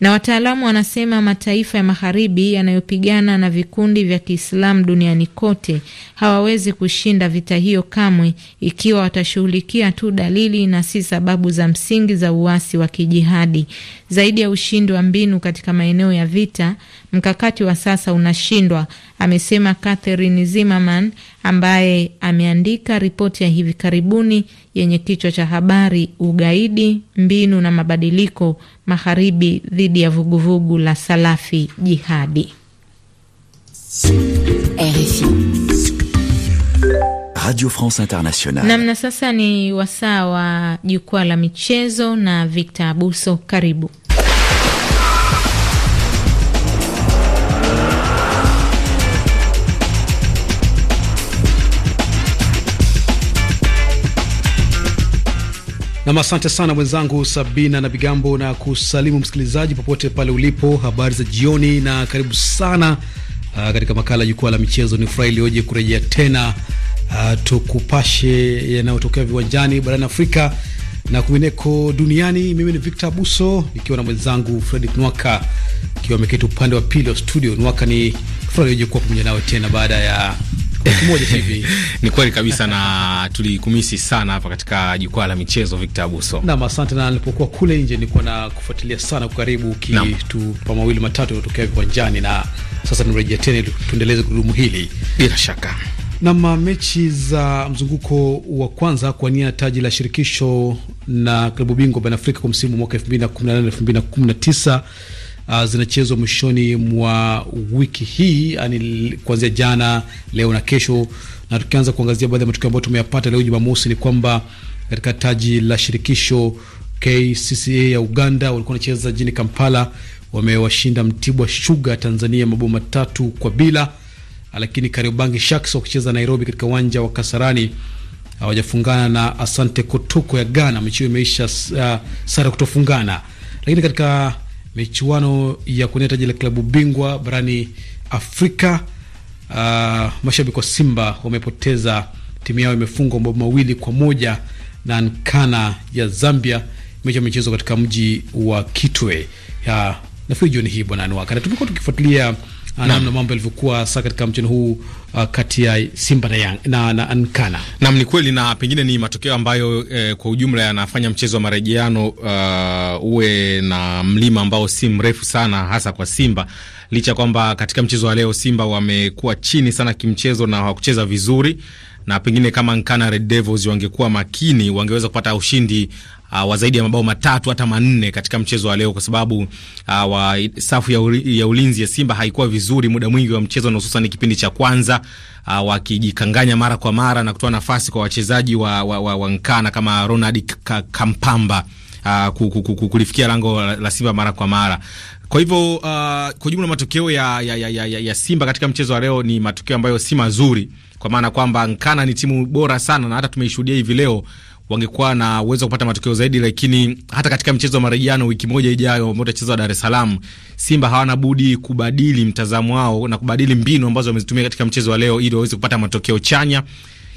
na wataalamu wanasema mataifa ya magharibi yanayopigana na vikundi vya Kiislamu duniani kote hawawezi kushinda vita hiyo kamwe ikiwa watashughulikia tu dalili na si sababu za msingi za uasi wa kijihadi. Zaidi ya ushindi wa mbinu katika maeneo ya vita, mkakati wa sasa unashindwa, amesema Catherine Zimmerman ambaye ameandika ripoti ya hivi karibuni yenye kichwa cha habari ugaidi, mbinu na mabadiliko magharibi dhidi ya vuguvugu la Salafi Jihadi. RFI Radio France Internationale. Namna sasa ni wasaa wa jukwaa la michezo na Victor Abuso, karibu. Nam, asante sana mwenzangu Sabina na Bigambo, na kusalimu msikilizaji popote pale ulipo. Habari za jioni na karibu sana uh, katika makala jukwaa la michezo. Ni furaha iliyoje kurejea tena, uh, tukupashe yanayotokea viwanjani barani Afrika na kwingineko duniani. Mimi ni Victor Buso nikiwa na mwenzangu Fredrick Nwaka akiwa ameketi upande wa pili wa studio. Nwaka, ni furaha kuwa pamoja nawe tena baada ya [LAUGHS] ni kweli kabisa na tulikumisi sana hapa katika jukwaa la michezo Victor Abuso. Naam, asante na nilipokuwa kule nje nilikuwa na kufuatilia sana kwa karibu kitupa mawili matatu yanayotokea viwanjani, na sasa nimerejea tena ili tuendeleze gurudumu hili bila shaka. Nam, mechi za mzunguko wa kwanza kuania taji la shirikisho na klabu bingwa barani Afrika kwa msimu mwaka 2018 2019 uh, zinachezwa mwishoni mwa wiki hii, yani kuanzia jana, leo na kesho. Na tukianza kuangazia baadhi ya matukio ambayo tumeyapata leo Jumamosi ni kwamba katika taji la shirikisho KCCA ya Uganda walikuwa wanacheza jijini Kampala, wamewashinda Mtibwa Sugar Tanzania mabao matatu kwa bila lakini Kariobangi Sharks wakicheza Nairobi katika uwanja wa Kasarani hawajafungana na Asante Kotoko ya Ghana. Mechi hiyo imeisha uh, sare kutofungana. Lakini katika michuano ya kunia taji la klabu bingwa barani Afrika, uh, mashabiki wa Simba wamepoteza, timu yao imefungwa mabao mawili kwa moja na Nkana ya Zambia. Mechi imechezwa katika mji wa Kitwe. Nafikiri jioni hii bwana Anwaka, na tumekuwa tukifuatilia namna mambo yalivyokuwa sasa katika mchezo huu uh, kati ya Simba na Yanga na, na Nkana. Naam, ni kweli na pengine ni matokeo ambayo eh, kwa ujumla yanafanya mchezo wa marejeano uh, uwe na mlima ambao si mrefu sana hasa kwa Simba licha kwamba katika mchezo wa leo Simba wamekuwa chini sana kimchezo na hawakucheza vizuri na pengine kama Nkana Red Devils wangekuwa makini wangeweza kupata ushindi uh, wa zaidi ya mabao matatu hata manne katika mchezo wa leo, kwa sababu uh, wa safu ya, uli, ya ulinzi ya Simba haikuwa vizuri muda mwingi wa mchezo na hususan kipindi cha kwanza uh, wakijikanganya mara kwa mara na kutoa nafasi kwa wachezaji wa, wa, wa, wa Nkana kama Ronald Kampamba uh, kulifikia lango la Simba mara kwa mara. Kwa hivyo uh, kwa jumla matokeo ya, ya, ya, ya, ya Simba katika mchezo wa leo ni matokeo ambayo si mazuri, kwa maana kwamba Nkana ni timu bora sana na hata tumeishuhudia hivi leo wangekuwa na uwezo wa kupata matokeo zaidi, lakini hata katika mchezo wa marejiano wiki moja ijayo ambao utachezwa Dar es Salaam, Simba hawana budi kubadili mtazamo wao na kubadili mbinu ambazo wamezitumia katika mchezo wa leo ili waweze kupata matokeo chanya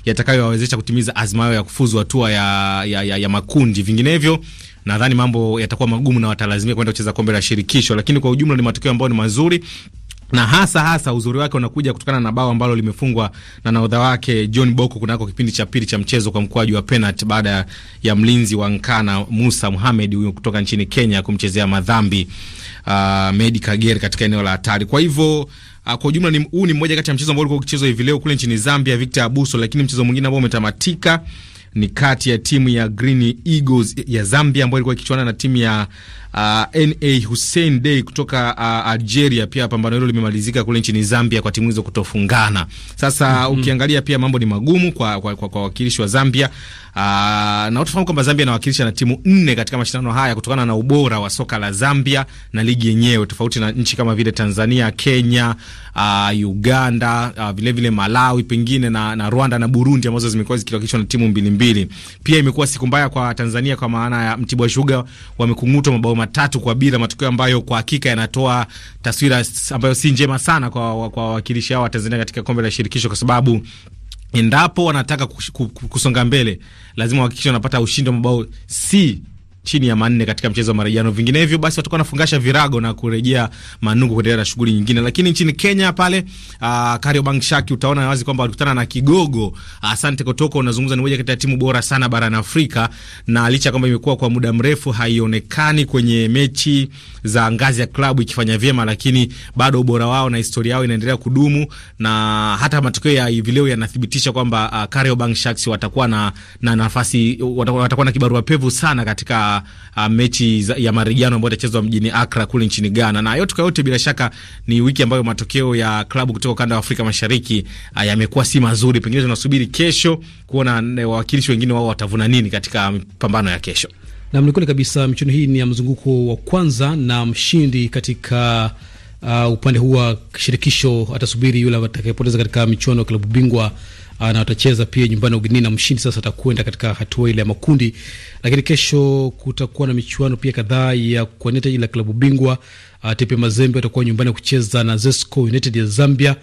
yatakayowawezesha kutimiza azma yao ya kufuzu hatua ya, ya, ya, ya makundi. Vinginevyo nadhani mambo yatakuwa magumu na watalazimika kwenda kucheza kombe la shirikisho, lakini kwa ujumla ni matokeo ambayo ni mazuri na hasa hasa uzuri wake unakuja kutokana na bao ambalo limefungwa na naodha wake John Boko kunako kipindi cha pili cha mchezo kwa mkwaju wa penalti baada ya mlinzi wa Nkana Musa Muhamed huyo kutoka nchini Kenya kumchezea madhambi uh, Medi Kagere katika eneo la hatari. Kwa hivyo uh, kwa ujumla ni huu ni mmoja kati ya mchezo ambao ulikuwa ukichezwa hivi leo kule nchini Zambia, Victor Abuso, lakini mchezo mwingine ambao umetamatika ni kati ya timu ya Green Eagles ya Zambia ambayo ilikuwa ikichuana na timu ya uh, ah, na Hussein Dey kutoka uh, Algeria. Pia pambano hilo limemalizika kule nchini Zambia kwa timu hizo kutofungana. Sasa mm -hmm. ukiangalia pia mambo ni magumu kwa kwa, kwa, kwa wakilishi wa Zambia uh, na utafahamu kwamba Zambia inawakilisha na timu nne katika mashindano haya kutokana na ubora wa soka la Zambia na ligi yenyewe, tofauti na nchi kama vile Tanzania, Kenya, uh, Uganda uh, vile vile Malawi pengine na, na Rwanda na Burundi ambazo zimekuwa zikiwakilishwa na timu mbili mbili. Pia imekuwa siku mbaya kwa Tanzania kwa maana ya Mtibwa Shuga wamekung'utwa mabao matatu kwa bila, matokeo ambayo kwa hakika yanatoa taswira ambayo si njema sana kwa wawakilishi hao wa Tanzania katika kombe la shirikisho kwa sababu endapo wanataka kusonga mbele lazima wahakikishe wanapata ushindi wa mabao si chini ya manne katika mchezo wa marejano, vinginevyo basi watakuwa wanafungasha virago na kurejea Manungu kuendelea na shughuli nyingine. Lakini nchini Kenya pale uh, ah, Kariobangi Sharks utaona wazi kwamba walikutana na kigogo Asante uh, Kotoko. Unazungumza ni moja kati ya timu bora sana barani Afrika, na licha kwamba imekuwa kwa muda mrefu haionekani kwenye mechi za ngazi ya klabu ikifanya vyema, lakini bado ubora wao na historia yao inaendelea kudumu, na hata matokeo ya hivi leo yanathibitisha kwamba uh, ah, Kariobangi Sharks watakuwa na, na nafasi watakuwa na kibarua pevu sana katika uh, mechi za, ya marejiano ambayo itachezwa mjini Accra kule nchini Ghana. Na yote kwa yote, bila shaka ni wiki ambayo matokeo ya klabu kutoka ukanda wa Afrika Mashariki uh, yamekuwa si mazuri. Pengine tunasubiri kesho kuona eh, wawakilishi wengine wao watavuna nini katika pambano ya kesho. Nam ni kweli kabisa, michuano hii ni ya mzunguko wa kwanza na mshindi katika uh, upande huu wa shirikisho atasubiri yule atakayepoteza katika michuano ya klabu bingwa Ah, na watacheza pia nyumbani ugenini, na mshindi sasa atakwenda katika hatua ile ya makundi. Lakini kesho kutakuwa na michuano pia kadhaa ya kuwania taji la klabu bingwa. Ah, TP Mazembe atakuwa nyumbani kucheza na Zesco United ya Zambia,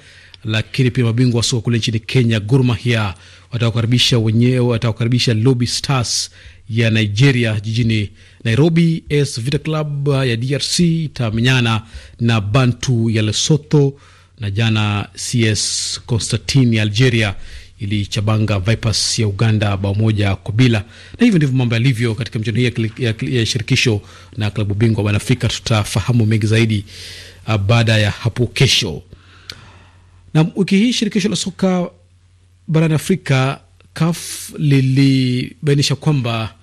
lakini pia mabingwa wa soka kule nchini Kenya, Gor Mahia watawakaribisha wenyewe, watawakaribisha Lobi Stars ya Nigeria jijini Nairobi. AS Vita Club ya DRC itamenyana na Bantu ya Lesotho, na jana CS Constantine ya Algeria ilichabanga Vipers ya Uganda bao moja kwa bila. Na hivyo ndivyo mambo yalivyo katika michuano hii ya, ya, ya shirikisho na klabu bingwa bara Afrika. Tutafahamu mengi zaidi uh, baada ya hapo kesho. Na wiki hii shirikisho la soka barani Afrika CAF lilibainisha kwamba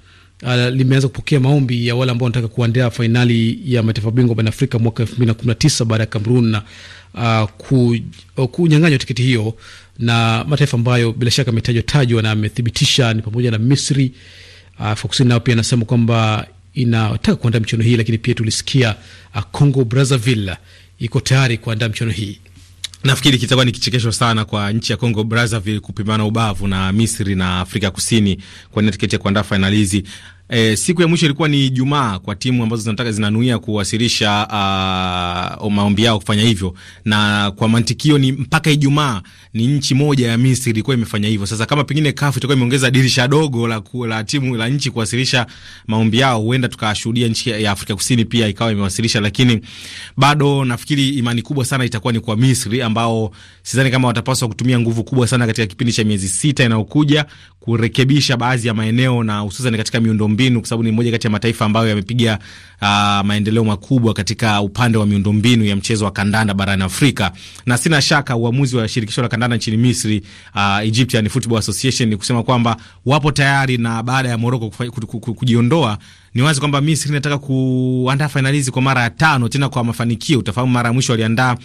Uh, limeanza kupokea maombi ya wale ambao wanataka kuandaa fainali ya mataifa bingwa barani Afrika mwaka 219 baada ya Kamerun uh, ah, ku, uh, kunyang'anywa tiketi hiyo na mataifa ambayo bila shaka ametajwa tajwa na amethibitisha ni pamoja na Misri. Afrika ah, Kusini nao pia anasema kwamba inataka kuandaa michuano hii, lakini pia tulisikia ah, Congo Brazzaville iko tayari kuandaa michuano hii. Nafikiri kitakuwa ni kichekesho sana kwa nchi ya Congo Brazzaville kupimana ubavu na Misri na Afrika Kusini kwa tiketi ya kuandaa fainali hizi. E, eh, siku ya mwisho ilikuwa ni Ijumaa kwa timu ambazo zinataka zinanuia kuwasilisha uh, maombi yao kufanya hivyo, na kwa mantikio ni mpaka Ijumaa ni nchi moja ya Misri ilikuwa imefanya hivyo. Sasa kama pengine kafu itakuwa imeongeza dirisha dogo la, la timu la nchi kuwasilisha maombi yao, huenda tukashuhudia nchi ya Afrika Kusini pia ikawa imewasilisha, lakini bado nafikiri imani kubwa sana itakuwa ni kwa Misri, ambao sidhani kama watapaswa kutumia nguvu kubwa sana katika kipindi cha miezi sita inayokuja kurekebisha baadhi ya maeneo na hususan katika miundombinu, kwa sababu ni moja kati ya mataifa ambayo yamepiga uh, maendeleo makubwa katika upande wa miundombinu ya mchezo wa kandanda barani Afrika, na sina shaka uamuzi wa shirikisho la kandanda nchini Misri, uh, Egyptian Football Association, ni kusema kwamba wapo tayari na baada ya Morocco kujiondoa ni wazi kwamba Misri inataka kuandaa fainalizi kwa mara ya tano tena kwa mafanikio. Utafahamu mara ya mwisho waliandaa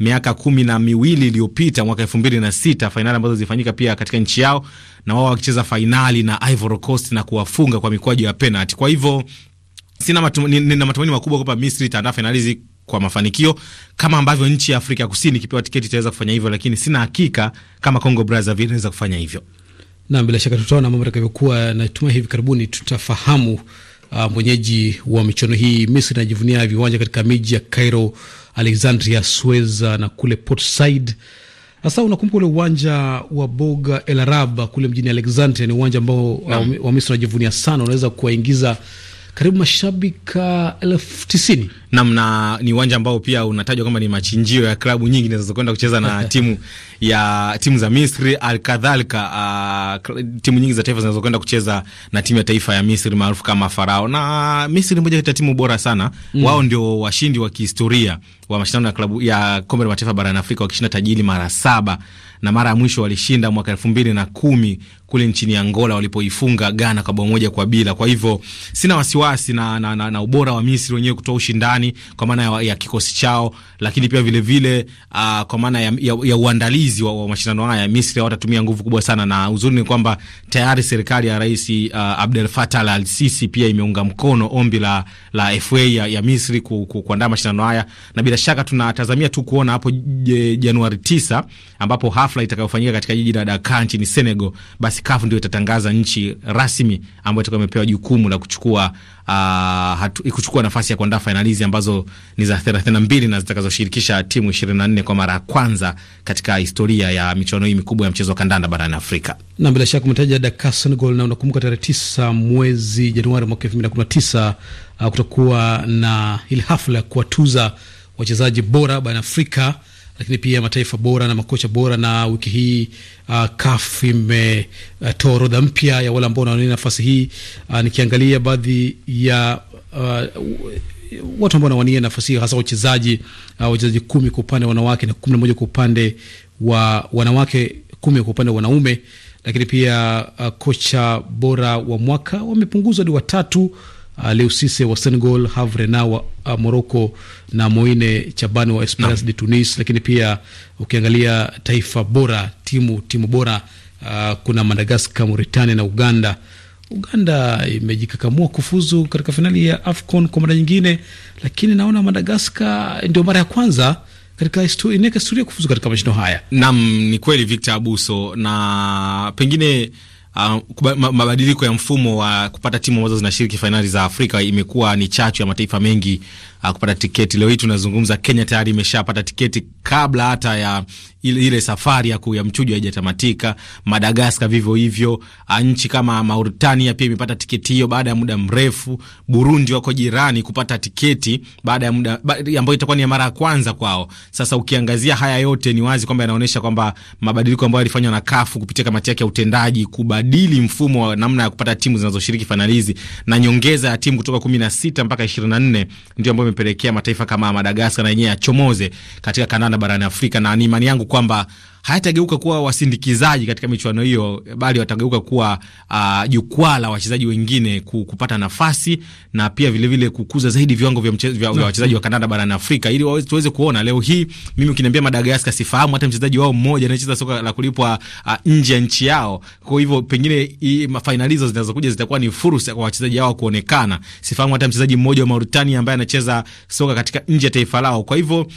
miaka kumi na miwili iliyopita mwaka elfu mbili na sita fainali ambazo zilifanyika pia katika nchi yao, na wao wakicheza fainali na Ivory Coast na kuwafunga kwa mikwaju ya penalti. Kwa hivyo sina matu, nina matumaini makubwa kwamba Misri itaandaa fainali hizi kwa mafanikio kama ambavyo nchi ya Afrika Kusini ikipewa tiketi itaweza kufanya hivyo, lakini sina hakika kama Congo Brazzaville inaweza kufanya hivyo. Na bila shaka tutaona mambo yatakavyokuwa. Natumai hivi karibuni tutafahamu uh, mwenyeji wa michuano hii. Misri inajivunia viwanja katika miji ya Cairo, Alexandria, Suez na kule Port Said. Sasa unakumbuka ule uwanja wa Boga El Arab kule mjini Alexandria, ni uwanja ambao uh, wa Misri wanajivunia sana, unaweza kuwaingiza karibu mashabika elfu tisini namna ni uwanja ambao pia unatajwa kwamba ni machinjio ya klabu nyingi zinazokwenda kucheza na [LAUGHS] timu ya timu za Misri alkadhalika, uh, timu nyingi za taifa zinazokwenda kucheza na timu ya taifa ya Misri maarufu kama Farao, na Misri moja kati ya timu bora sana mm. Wao ndio washindi wa kihistoria wa mashindano ya klabu ya kombe la mataifa barani Afrika wakishinda tajili mara saba, na mara ya mwisho walishinda mwaka elfu mbili na kumi kule nchini Angola walipoifunga Ghana kwa bao moja kwa bila. Kwa hivyo sina wasiwasi na, na, na, na ubora wa Misri wenyewe kutoa ushindani kwa maana ya, ya kikosi chao, lakini pia vilevile vile uh, kwa maana ya, ya, ya uandalizi wa, wa mashindano haya Misri hawatatumia nguvu kubwa sana, na uzuri ni kwamba tayari serikali ya Rais uh, Abdel Fattah al-Sisi pia imeunga mkono ombi la, la FA ya, ya Misri ku, ku, kuandaa mashindano haya na bila shaka tunatazamia tu kuona hapo Januari 9 ambapo hafla itakayofanyika katika jiji la Dakar nchini Senegal, basi CAF ndio itatangaza nchi rasmi ambayo itakuwa imepewa jukumu la kuchukua uh, hatu, kuchukua nafasi ya kuandaa fainalizi ambazo ni za 32 na zitakazoshirikisha timu 24 kwa mara ya kwanza katika historia ya michuano hii mikubwa ya mchezo wa kandanda barani Afrika. Na bila shaka umetaja Dakar Senegal, na unakumbuka tarehe 9 mwezi Januari mwaka 2019 uh, ah, kutakuwa na ile hafla ya kuwatuza wachezaji bora barani Afrika lakini pia mataifa bora na makocha bora. Na wiki hii uh, CAF imetoa uh, orodha mpya ya wale ambao wanawania nafasi hii uh, nikiangalia baadhi ya uh, watu ambao wanawania nafasi hii hasa wachezaji uh, wachezaji kumi kwa upande wa wanawake na kumi na moja kwa upande wa wanawake, kumi kwa upande wa wanaume, lakini pia uh, kocha bora wa mwaka wamepunguzwa hadi watatu uh, Leo Sise wa Senegal, Havre na wa uh, Morocco na Moine Chabani wa Esperance no. de Tunis. Lakini pia ukiangalia taifa bora timu timu bora uh, kuna Madagascar, Mauritania na Uganda. Uganda imejikakamua kufuzu katika fainali ya AFCON kwa mara nyingine, lakini naona Madagascar ndio mara ya kwanza katika historia kufuzu katika mashindano haya. Naam, ni kweli Victor Abuso, na pengine uh, mabadiliko ya mfumo wa kupata timu ambazo zinashiriki fainali za Afrika imekuwa ni chachu ya mataifa mengi kupata tiketi. Leo hii tunazungumza, Kenya tayari imeshapata tiketi kabla hata ya ile, safari ya, ya mchujo haijatamatika. Madagaskar vivyo hivyo, nchi kama Mauritania pia imepata tiketi hiyo baada ya muda mrefu. Burundi wako jirani kupata tiketi baada ya muda ba, ambayo itakuwa ni ya mara ya kwanza kwao. Sasa ukiangazia haya yote, ni wazi kwamba yanaonyesha kwamba mabadiliko ambayo yalifanywa na kafu kupitia kamati yake ya utendaji kubadili mfumo wa namna ya kupata timu zinazoshiriki fainali hizi na nyongeza ya timu kutoka 16 mpaka 24 ndio ambayo imepelekea mataifa kama Madagaskar na yenyewe yachomoze katika kandanda barani Afrika, na ni imani yangu kwamba hayatageuka kuwa wasindikizaji katika michuano hiyo, bali watageuka kuwa uh, jukwaa la wachezaji wengine kupata nafasi na pia vilevile vile kukuza zaidi viwango vya, vya, vya no. wachezaji wa Kanada barani Afrika ili tuweze kuona. Leo hii mimi ukiniambia Madagaskar sifahamu hata mchezaji wao mmoja anayecheza soka la kulipwa uh, nje ya nchi yao. Kwa hivyo pengine fainali hizo zinazokuja zitakuwa ni fursa kwa wachezaji hao kuonekana. Sifahamu hata mchezaji mmoja wa Mauritania ambaye anacheza soka katika nje ya taifa lao. Kwa hivyo uh,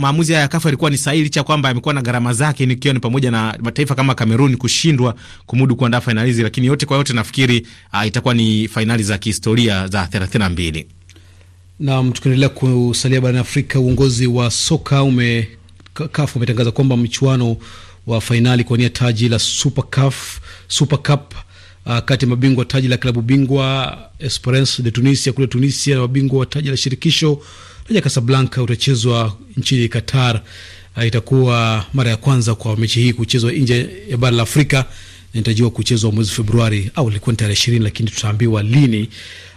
maamuzi haya ya CAF yalikuwa ni sahihi licha kwamba yamekuwa na gharama gharama zake, nikiwa ni pamoja na mataifa kama Kamerun kushindwa kumudu kuandaa fainali hizi, lakini yote kwa yote nafikiri uh, itakuwa ni fainali za kihistoria za 32. Naam, tukiendelea kusalia barani Afrika, uongozi wa soka ume CAF umetangaza kwamba mchuano wa fainali kuwania taji la Super Cup, Super Cup uh, kati ya mabingwa taji la klabu bingwa Esperance de Tunisia kule Tunisia na mabingwa wa taji la shirikisho Raja Casablanca utachezwa nchini Qatar. Ah, itakuwa mara ya kwanza kwa mechi hii kuchezwa nje ya bara la Afrika na inatarajiwa kuchezwa mwezi Februari au ilikuwa ni tarehe ishirini, lakini tutaambiwa lini.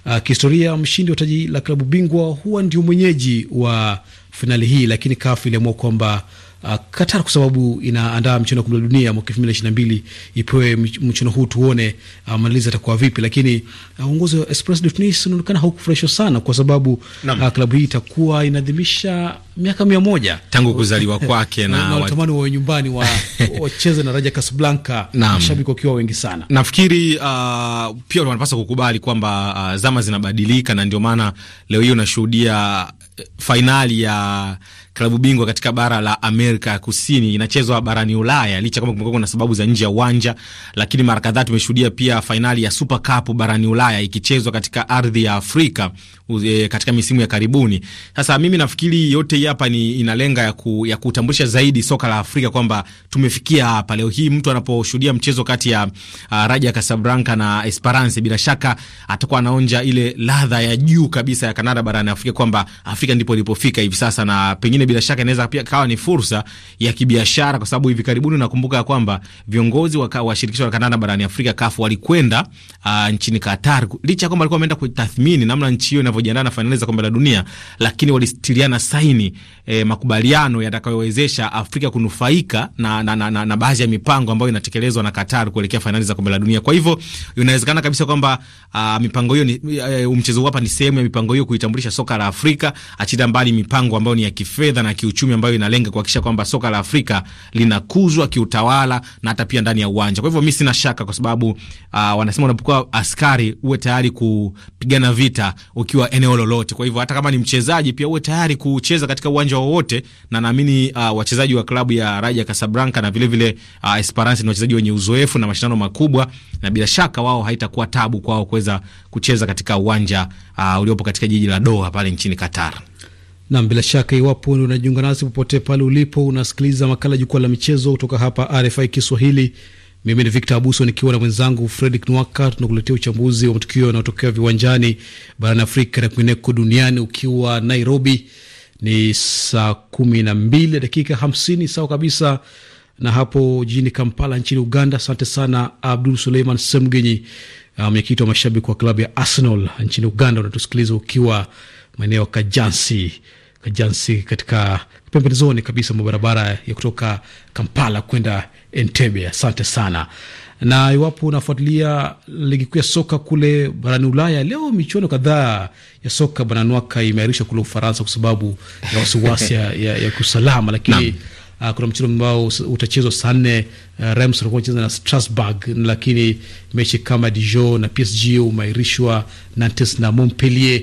Ah, kihistoria, mshindi wa taji la klabu bingwa huwa ndio mwenyeji wa finali hii, lakini CAF iliamua kwamba uh, Qatar kwa sababu inaandaa mchezo wa kombe la dunia mwaka 2022 ipewe mchezo huu, tuone uh, ah, maliza atakuwa vipi, lakini ah, uongozi uh, wa Esperance de Tunis unaonekana haukufurahishwa sana, kwa sababu uh, klabu hii itakuwa inaadhimisha miaka mia moja tangu kuzaliwa kwake [LAUGHS] na watamani wa nyumbani wa [LAUGHS] wacheze na Raja Casablanca, mashabiki wakiwa wengi sana. Nafikiri uh, pia wanapaswa kukubali kwamba uh, zama zinabadilika na ndio maana leo hii unashuhudia uh, fainali ya uh, klabu bingwa katika bara la Amerika ya Kusini, inachezwa barani Ulaya, licha kama kumekuwa kuna sababu za nje ya uwanja, lakini mara kadhaa tumeshuhudia pia fainali ya Super Cup barani Ulaya ikichezwa katika ardhi ya Afrika uze, katika misimu ya karibuni. Sasa mimi nafikiri yote hii hapa ni inalenga ya, ku, ya kutambulisha zaidi soka la Afrika kwamba tumefikia hapa leo hii. Mtu anaposhuhudia mchezo kati ya uh, Raja Casablanca na Esperance, bila shaka atakuwa anaonja ile ladha ya juu kabisa ya kanada barani Afrika, kwamba Afrika ndipo ilipofika hivi sasa na pengine bila shaka inaweza pia kawa ni fursa ya kibiashara, kwa sababu hivi karibuni nakumbuka kwamba viongozi wa, wa shirikisho la kandanda barani Afrika CAF walikwenda uh, nchini Qatar, licha ya kwamba walikuwa wameenda kutathmini namna nchi hiyo inavyojiandaa na fainali za kombe la dunia, lakini walistiliana saini eh, makubaliano yatakayowezesha Afrika kunufaika na, na, na, na, na baadhi ya mipango ambayo inatekelezwa na Qatar kuelekea fainali za kombe la dunia. Kwa hivyo inawezekana kabisa kwamba uh, mipango hiyo ni uh, mchezo hapa ni sehemu ya mipango hiyo kuitambulisha soka la Afrika, achida mbali mipango ambayo ni ya kife kifedha na kiuchumi ambayo inalenga kuhakikisha kwamba soka la Afrika linakuzwa kiutawala na hata pia ndani ya uwanja. Kwa hivyo mi sina shaka, kwa sababu uh, wanasema unapokuwa askari uwe tayari kupigana vita ukiwa eneo lolote. Kwa hivyo hata kama ni mchezaji pia uwe tayari kucheza katika uwanja wowote, na naamini uh, wachezaji wa klabu ya Raja Casablanca na vilevile uh, Esperance ni wachezaji wenye uzoefu na mashindano makubwa, na bila shaka wao haitakuwa tabu kwao kuweza kucheza katika uwanja uh, uliopo katika jiji la Doha pale nchini Qatar. Nam, bila shaka, iwapo unajiunga nasi popote pale ulipo, unasikiliza makala jukwaa la michezo kutoka hapa RFI Kiswahili. Mimi ni Victor Abuso nikiwa na mwenzangu Fredrick Nwaka, tunakuletea uchambuzi wa matukio yanayotokea viwanjani barani Afrika na kwingineko duniani. Ukiwa Nairobi ni saa kumi na mbili dakika hamsini sawa kabisa na hapo jijini Kampala nchini Uganda. Asante sana Abdul Suleiman Semgenyi, uh, mwenyekiti um, wa mashabiki wa klabu ya Arsenal nchini Uganda. Unatusikiliza ukiwa maeneo ya Kajansi Kajansi katika pembezoni kabisa mwa barabara ya kutoka Kampala kwenda Entebbe. Asante sana. Na iwapo unafuatilia ligi kuu ya soka kule barani Ulaya, leo michuano kadhaa ya soka bananwaka Ulaya imeahirishwa kule Ufaransa kwa sababu ya wasiwasi ya, ya ya kiusalama, lakini uh, kuna mchezo ambao utachezwa saa nne. Uh, Reims walikuwa cheza na Strasbourg, lakini mechi kama Dijon na PSG umeahirishwa. Nantes na Montpellier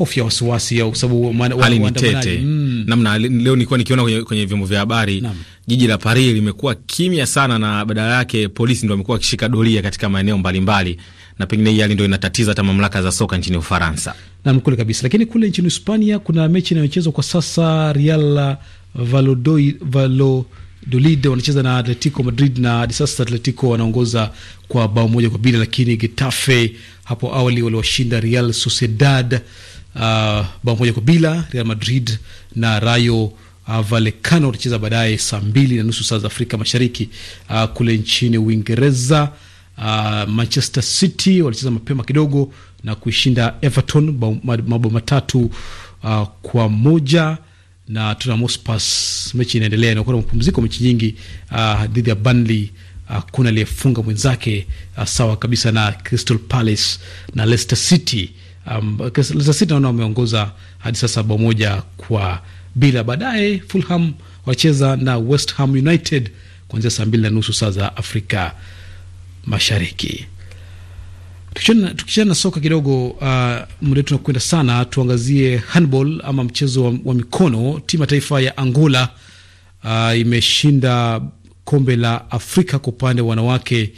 hofu ya wasiwasi au sababu hali ni tete mm. Namna leo nilikuwa nikiona kwenye, kwenye vyombo vya habari jiji la Paris limekuwa kimya sana, na badala yake polisi ndio amekuwa akishika doria katika maeneo mbalimbali mbali. Na pengine hii hali ndio inatatiza hata mamlaka za soka nchini Ufaransa. Naam, kule kabisa. Lakini kule nchini Hispania kuna mechi inayochezwa kwa sasa, Real Valladolid Dolid wanacheza na Atletico Madrid na hadi sasa Atletico wanaongoza kwa bao moja kwa bila, lakini Getafe hapo awali waliwashinda Real Sociedad Ah, bao moja kwa bila. Real Madrid na Rayo Vallecano watacheza baadaye saa mbili na nusu saa za Afrika Mashariki. Uh, kule nchini Uingereza uh, Manchester City walicheza mapema kidogo na kuishinda Everton mabao matatu uh, kwa moja na Tottenham Hotspur mechi inaendelea, inakuwa na mapumziko mechi nyingi uh, dhidi ya Burnley hakuna uh, aliyefunga mwenzake uh, sawa kabisa na Crystal Palace na Leicester City um, Leicester naona wameongoza hadi sasa bao moja kwa bila. Baadaye Fulham wacheza na West Ham United kuanzia saa mbili na nusu saa za Afrika Mashariki. Tukichana na soka kidogo, uh, muda wetu unakwenda sana, tuangazie handball ama mchezo wa, wa mikono. Timu ya taifa ya Angola uh, imeshinda kombe la Afrika kwa upande wa wanawake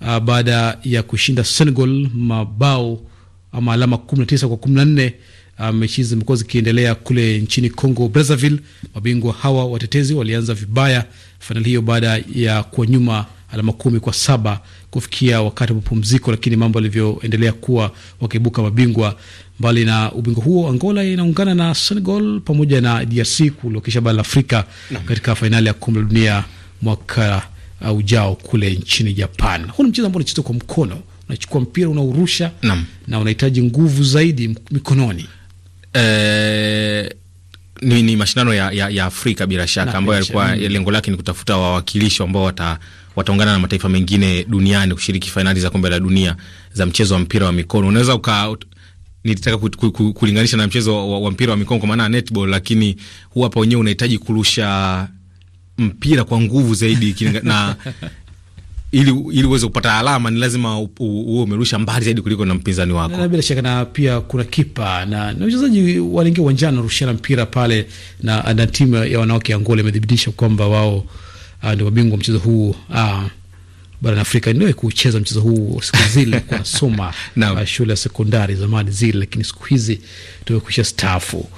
uh, baada ya kushinda Senegal mabao ama alama 19 kwa 14. Uh, um, mechi hizi zimekuwa zikiendelea kule nchini Congo Brazzaville. Mabingwa hawa watetezi walianza vibaya fainali hiyo baada ya kuwa nyuma alama kumi kwa saba kufikia wakati wa mapumziko, lakini mambo yalivyoendelea kuwa wakaibuka mabingwa. Mbali na ubingwa huo, Angola inaungana na Senegal pamoja na DRC kulokesha bara la Afrika no. katika fainali ya kombe la dunia mwaka uh, ujao kule nchini Japan. Huu ni mchezo ambao unachezwa kwa mkono unachukua mpira unaurusha na, na unahitaji nguvu zaidi mikononi e... Ni, ni mashindano ya, ya, ya Afrika bila shaka ambayo yalikuwa mm. lengo lake ni kutafuta wawakilishi ambao wata, wataungana na mataifa mengine duniani kushiriki fainali za kombe la dunia za mchezo wa mpira wa mikono. Unaweza uka nitaka kulinganisha na mchezo wa, wa mpira wa mikono kwa maana ya netball, lakini huwa hapa wenyewe unahitaji kurusha mpira kwa nguvu zaidi na [LAUGHS] ili ili uweze kupata alama ni lazima uwe umerusha mbali zaidi kuliko na mpinzani wako, na bila shaka na pia kuna kipa na na wachezaji waliingia uwanjani narushiana mpira pale, na na timu ya wanawake ya Angola imethibitisha kwamba wao ah, ndio mabingwa mchezo huu uh, barani Afrika. Ndio kucheza mchezo huu siku zile [LAUGHS] kwa soma na ah, shule ya sekondari zamani zile, lakini siku hizi tumekwisha staafu.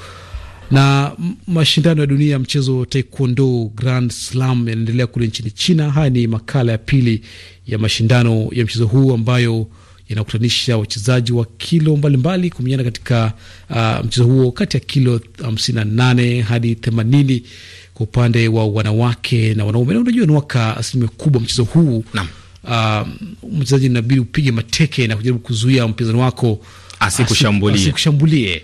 Na mashindano ya dunia ya mchezo wa taekwondo Grand Slam yanaendelea kule nchini China. Haya ni makala ya pili ya mashindano ya mchezo huu ambayo yanakutanisha wachezaji wa kilo mbalimbali kumenyana katika uh, mchezo huo kati ya kilo 58 hadi 80 kwa upande wa wanawake na wanaume. Na unajua ni waka asilimia kubwa mchezo huu uh, mchezaji inabidi upige mateke na kujaribu kuzuia mpinzani wako asikushambulie, asikushambulie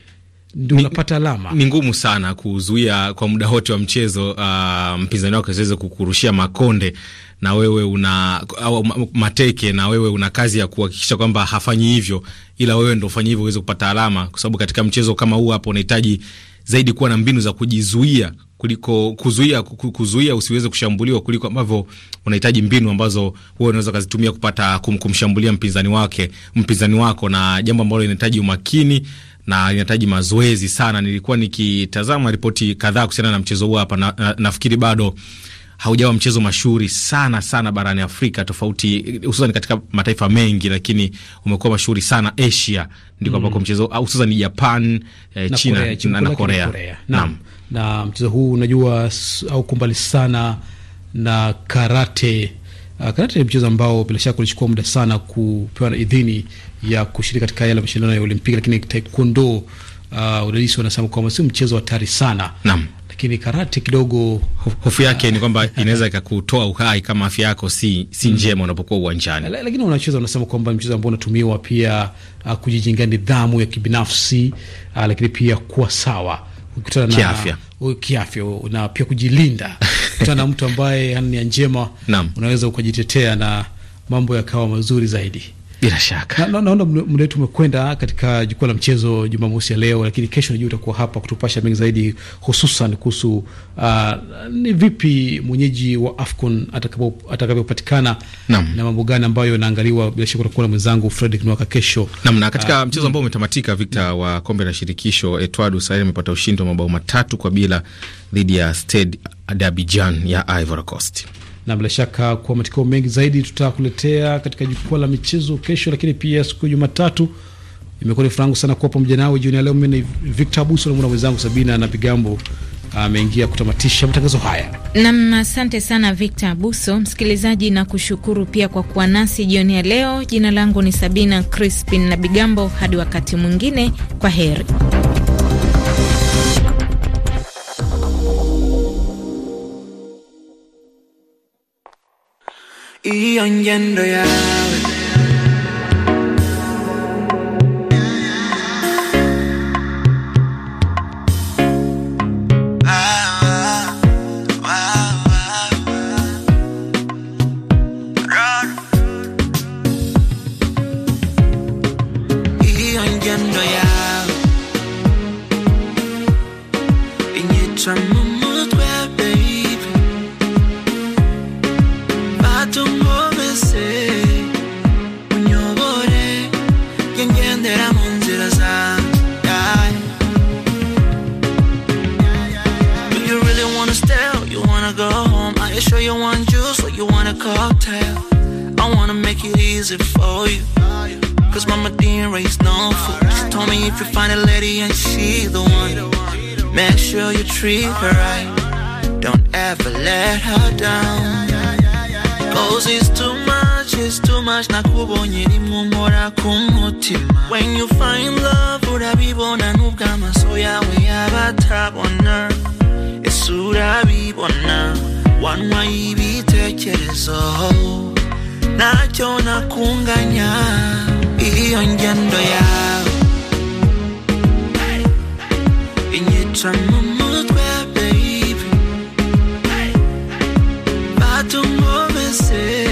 unapata alama. Ni ngumu sana kuzuia kwa muda wote wa mchezo uh, mpinzani wako asiweze kukurushia makonde na wewe una au mateke, na wewe una kazi ya kuhakikisha kwamba hafanyi hivyo, ila wewe ndio ufanye hivyo uweze kupata alama, kwa sababu katika mchezo kama huu hapo unahitaji zaidi kuwa na mbinu za kujizuia kuliko kuzuia, kuzuia usiweze kushambuliwa kuliko ambavyo unahitaji mbinu ambazo wewe unaweza kuzitumia kupata kum, kumshambulia mpinzani wake mpinzani wako, na jambo ambalo linahitaji umakini na inahitaji mazoezi sana. Nilikuwa nikitazama ripoti kadhaa kuhusiana na mchezo huo hapa na, na, nafikiri bado haujawa mchezo mashuhuri sana sana barani Afrika, tofauti hususan katika mataifa mengi, lakini umekuwa mashuhuri sana Asia, ndiko ambako mm. mchezo hususan ni Japan eh, na China Korea, na, na Korea, Korea. Naam. Na mchezo huu unajua au kumbali sana na karate. Uh, karate ni mchezo ambao bila shaka ulichukua muda sana kupewa idhini ya kushiriki katika yale mashindano ya Olimpiki, lakini taekwondo uh, udadisi wanasema kwamba si mchezo hatari sana Naam. Lakini karate kidogo hofu yake ni kwamba inaweza ikakutoa uhai kama afya yako si, si mm-hmm. njema unapokuwa uwanjani. Lakini unacheza unasema kwamba mchezo ambao unatumiwa pia uh, kujijenga nidhamu ya kibinafsi uh, lakini pia kuwa sawa ukutana na kiafya kiafya na pia kujilinda kutana na mtu ambaye hana nia njema unaweza ukajitetea na mambo yakawa mazuri zaidi. Bila shaka na, naona muda wetu umekwenda katika jukwaa la mchezo Jumamosi ya leo, lakini kesho najua utakuwa hapa kutupasha mengi zaidi, hususan kuhusu uh, ni vipi mwenyeji wa AFCON atakavyopatikana na, mambo gani ambayo naangaliwa. Bila shaka utakuwa na mwenzangu Fredrick Nwaka kesho namna katika uh, mchezo ambao mm. umetamatika Victor wa kombe la shirikisho, Etwadu Sahel amepata ushindi wa mabao matatu kwa bila dhidi ya Stade d'Abidjan ya Ivory Coast na bila shaka kwa matokeo mengi zaidi tutakuletea katika jukwaa la michezo kesho, lakini pia siku ya Jumatatu. Imekuwa ni furaha sana kuwa pamoja nawe jioni ya leo. Mimi ni Victor Abuso na mwenzangu Sabina na Pigambo ah, ameingia kutamatisha matangazo haya. Nam, asante sana Victor Abuso. Msikilizaji na kushukuru pia kwa kuwa nasi jioni ya leo. Jina langu ni Sabina Crispin na Bigambo. Hadi wakati mwingine, kwa heri. y on yendo akumutima when you find love urabibona nubwo amaso yawe yaba atabona ese urabibona wanywa y'ibitekerezo ntacyo nakunganya iyo ngendo yawe inyica mu mutwe baby batumvomese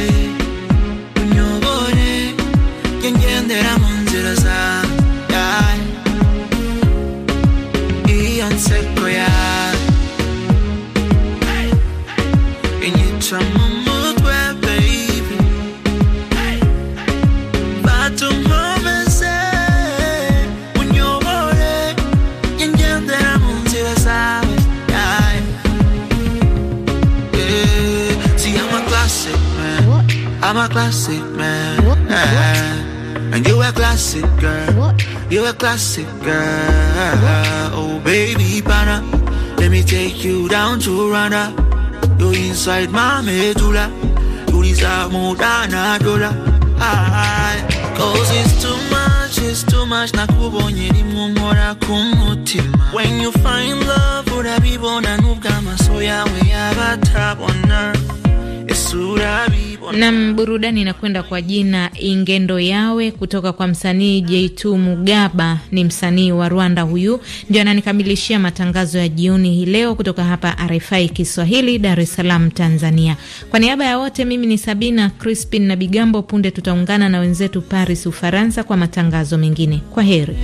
a classic man. What? Eh. And you a classic girl. You a classic girl. Oh, baby, pana. Let me take you down to Rana. You inside my medulla. You deserve more than a dollar. Cause it's too much, it's too much. Nakubonye rimwomora kumutima. When you find love, urabibona nubwamaso yawe yabatabona. Nam burudani inakwenda kwa jina Ingendo Yawe kutoka kwa msanii J2 Mugaba. Ni msanii wa Rwanda huyu, ndio ananikamilishia matangazo ya jioni hii leo kutoka hapa RFI Kiswahili, Dar es Salaam, Tanzania. Kwa niaba ya wote, mimi ni Sabina Crispin na Bigambo. Punde tutaungana na wenzetu Paris, Ufaransa, kwa matangazo mengine. Kwa heri.